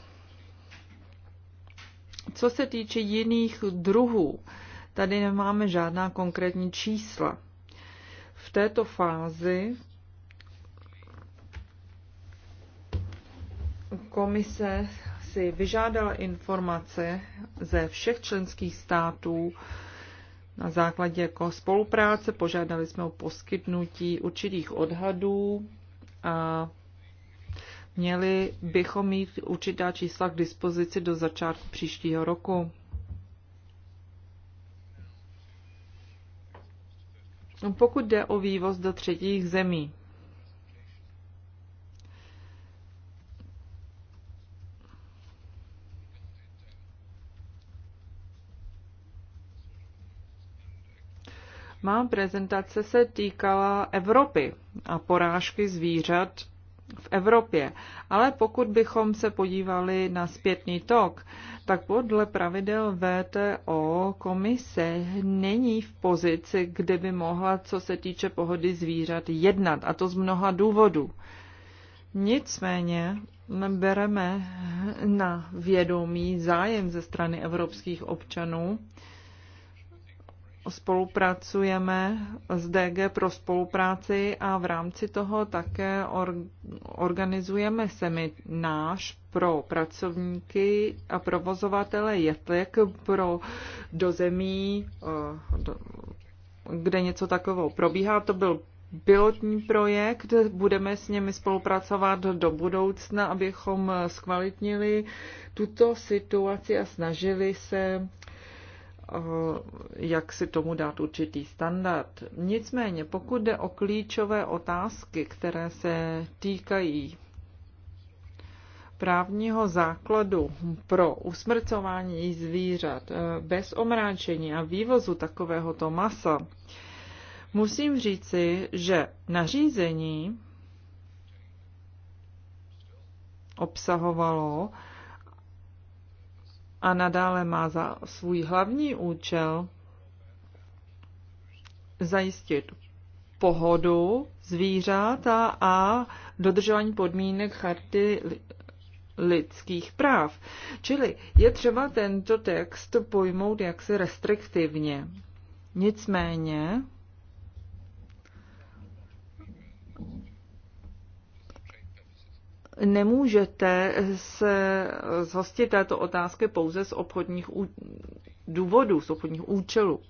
Co se týče jiných druhů, tady nemáme žádná konkrétní čísla. V této fázi komise si vyžádala informace ze všech členských států na základě jako spolupráce. Požádali jsme o poskytnutí určitých odhadů a měli bychom mít určitá čísla k dispozici do začátku příštího roku. Pokud jde o vývoz do třetích zemí, Má prezentace se týkala Evropy a porážky zvířat v Evropě. Ale pokud bychom se podívali na zpětný tok, tak podle pravidel VTO komise není v pozici, kde by mohla, co se týče pohody zvířat, jednat. A to z mnoha důvodů. Nicméně bereme na vědomí zájem ze strany evropských občanů spolupracujeme s DG pro spolupráci a v rámci toho také or, organizujeme seminář pro pracovníky a provozovatele jetlek pro dozemí, eh, kde něco takového probíhá. To byl pilotní projekt, budeme s nimi spolupracovat do budoucna, abychom zkvalitnili tuto situaci a snažili se Eh, jak si tomu dát určitý standard. Nicméně, pokud jde o klíčové otázky, které se týkají právního základu pro usmrcování zvířat eh, bez omráčení a vývozu takovéhoto masa, musím říci, že nařízení obsahovalo a nadále má za svůj hlavní účel zajistit pohodu zvířat a, a dodržování podmínek charty lidských práv. Čili je třeba tento text pojmout jaksi restriktivně. Nicméně nemůžete se zhostit této otázky pouze z obchodních důvodů, z obchodních účelů.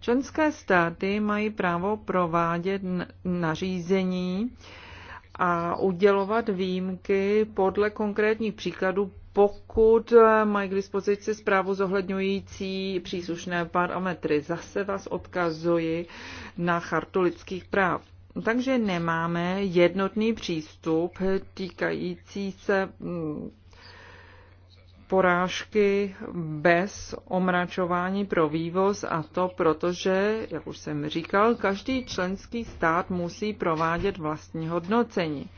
Členské státy mají právo provádět nařízení a udělovat výjimky podle konkrétních příkladů, pokud mají k dispozici zprávu zohledňující příslušné parametry. Zase vás odkazuji na chartu lidských práv. Takže nemáme jednotný přístup týkající se mm, porážky bez omračování pro vývoz a to protože, jak už jsem říkal, každý členský stát musí provádět vlastní hodnocení.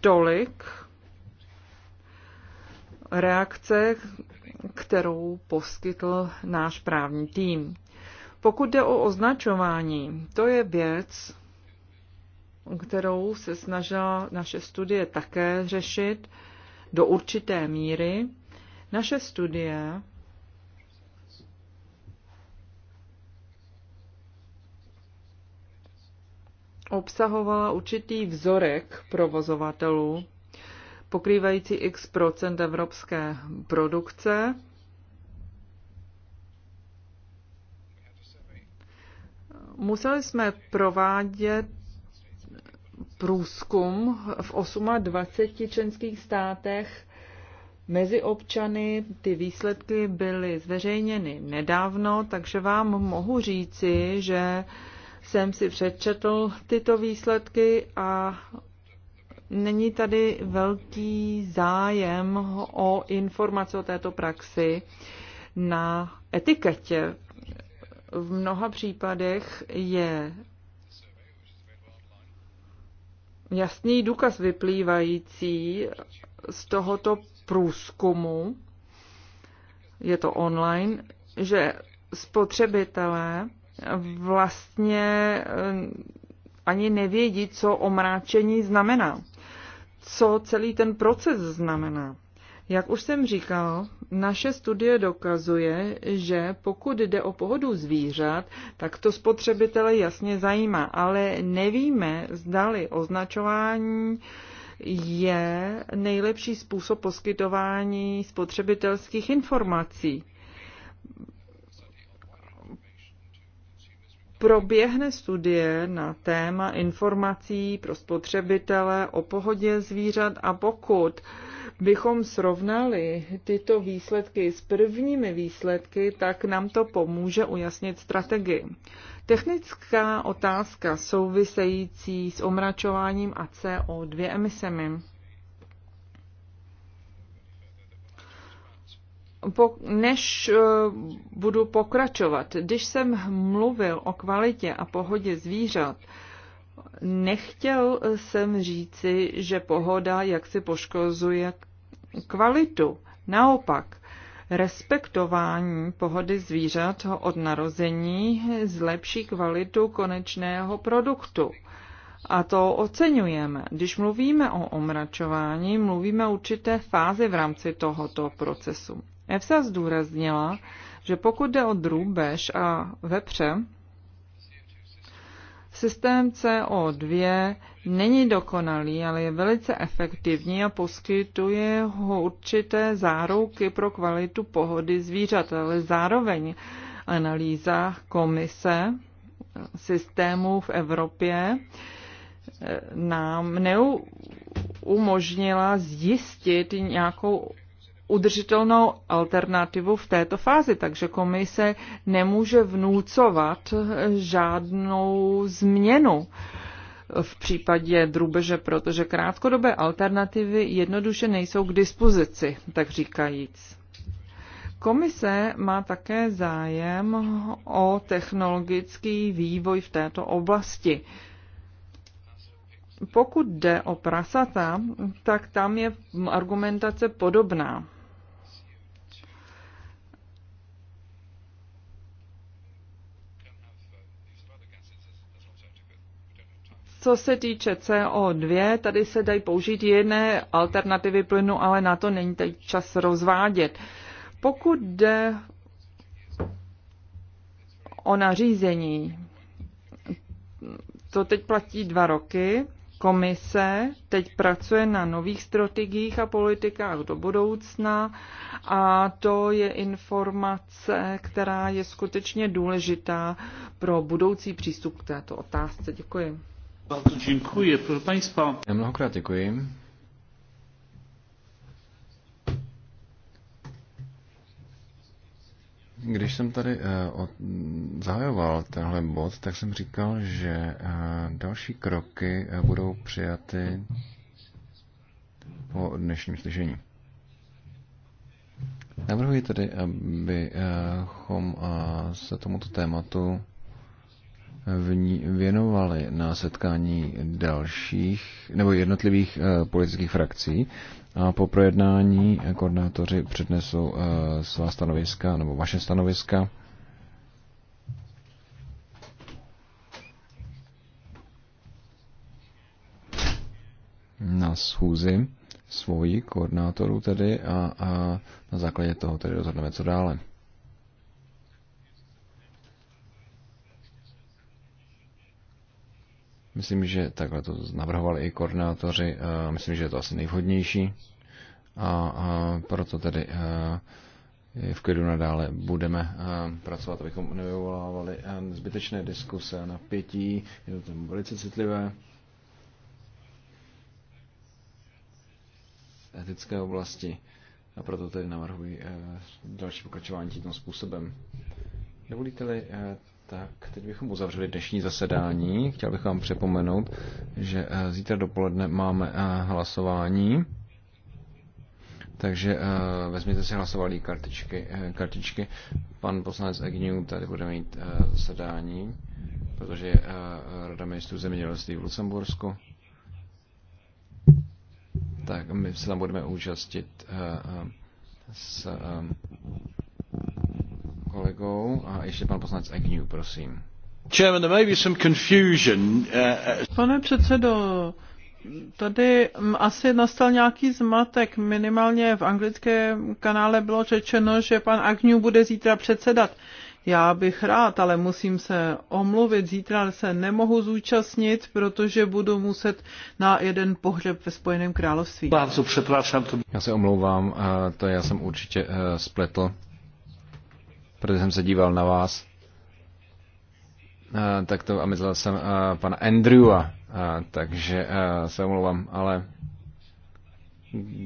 Tolik reakce, kterou poskytl náš právní tým. Pokud jde o označování, to je věc, kterou se snažila naše studie také řešit do určité míry. Naše studie obsahovala určitý vzorek provozovatelů, pokrývající x procent evropské produkce. Museli jsme provádět průzkum v 28 členských státech mezi občany. Ty výsledky byly zveřejněny nedávno, takže vám mohu říci, že jsem si přečetl tyto výsledky a není tady velký zájem o informace o této praxi na etiketě. V mnoha případech je jasný důkaz vyplývající z tohoto průzkumu, je to online, že spotřebitelé vlastně eh, ani nevědí, co omráčení znamená, co celý ten proces znamená. Jak už jsem říkal, naše studie dokazuje, že pokud jde o pohodu zvířat, tak to spotřebitele jasně zajímá, ale nevíme, zdali označování je nejlepší způsob poskytování spotřebitelských informací. Proběhne studie na téma informací pro spotřebitele o pohodě zvířat a pokud uh, bychom srovnali tyto výsledky s prvními výsledky, tak nám to pomůže ujasnit strategii. Technická otázka související s omračováním a CO2 emisemi. po, než uh, budu pokračovat, když jsem mluvil o kvalitě a pohodě zvířat, Nechtěl jsem říci, že pohoda jak si poškozuje kvalitu. Naopak, respektování pohody zvířat od narození zlepší kvalitu konečného produktu. A to oceňujeme. Když mluvíme o omračování, mluvíme o určité fázi v rámci tohoto procesu. EFSA zdůraznila, že pokud jde o drůbež a vepře, Systém CO2 není dokonalý, ale je velice efektivní a poskytuje ho určité záruky pro kvalitu pohody zvířat, ale zároveň analýza komise systémů v Evropě eh, nám neumožnila zjistit nějakou udržitelnou alternativu v této fázi, takže komise nemůže vnucovat žádnou změnu v případě drubeže, protože krátkodobé alternativy jednoduše nejsou k dispozici, tak říkajíc. Komise má také zájem o technologický vývoj v této oblasti. Pokud jde o prasata, tak tam je argumentace podobná. Co se týče CO2, tady se dají použít jiné alternativy plynu, ale na to není teď čas rozvádět. Pokud jde o nařízení, to teď platí dva roky. Komise teď pracuje na nových strategiích a politikách do budoucna a to je informace, která je skutečně důležitá pro budoucí přístup k této otázce. Děkuji. Bardzo dziękuję. Proszę Państwa. Já mnohokrát děkuji. Když jsem tady uh, od, zahajoval tenhle bod, tak jsem říkal, že uh, další kroky uh, budou přijaty po dnešním slyšení. Navrhuji tedy, abychom se tomuto tématu v ní věnovali na setkání dalších nebo jednotlivých eh, politických frakcí a po projednání koordinátoři přednesou eh, svá stanoviska nebo vaše stanoviska. na schůzi svojí koordinátorů tedy a, a na základě toho tedy rozhodneme, co dále. Myslím, že takhle to navrhovali i koordinátoři. Eh, myslím, že je to asi nejvhodnější. A, proto tedy eh, v klidu nadále budeme eh, pracovat, abychom nevyvolávali zbytečné diskuse a napětí. Je to tam velice citlivé. etické oblasti a proto tedy navrhuji další pokračování tímto způsobem. Dovolíte-li tak, teď bychom uzavřeli dnešní zasedání. Chtěl bych vám připomenout, že eh, zítra dopoledne máme eh, hlasování. Takže eh, vezměte si hlasovalý kartičky, kartičky. Pan poslanec Agnew tady bude mít zasedání, protože je Rada ministrů zemědělství v Lucembursku. Tak my se tam budeme účastnit s kolegou a ještě pan poslanec Agnew, prosím. Uh, uh, Pane předsedo, tady asi nastal nějaký zmatek. Minimálně v anglickém kanále bylo řečeno, že pan Agnew bude zítra předsedat. Já bych rád, ale musím se omluvit. Zítra se nemohu zúčastnit, protože budu muset na jeden pohřeb ve Spojeném království. Já se omlouvám, eh, to já jsem určitě eh, spletl protože jsem se díval na vás, eh, tak to a myslel jsem eh, pana Andrewa, eh, takže se omlouvám, ale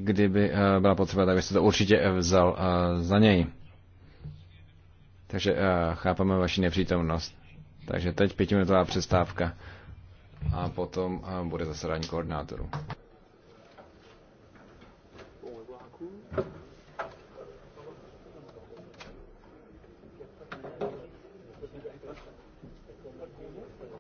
kdyby byla potřeba, tak byste to určitě vzal za něj. Takže chápeme vaši nepřítomnost. Takže teď pětiminutová přestávka a potom bude zasedání koordinátorů. Thank you.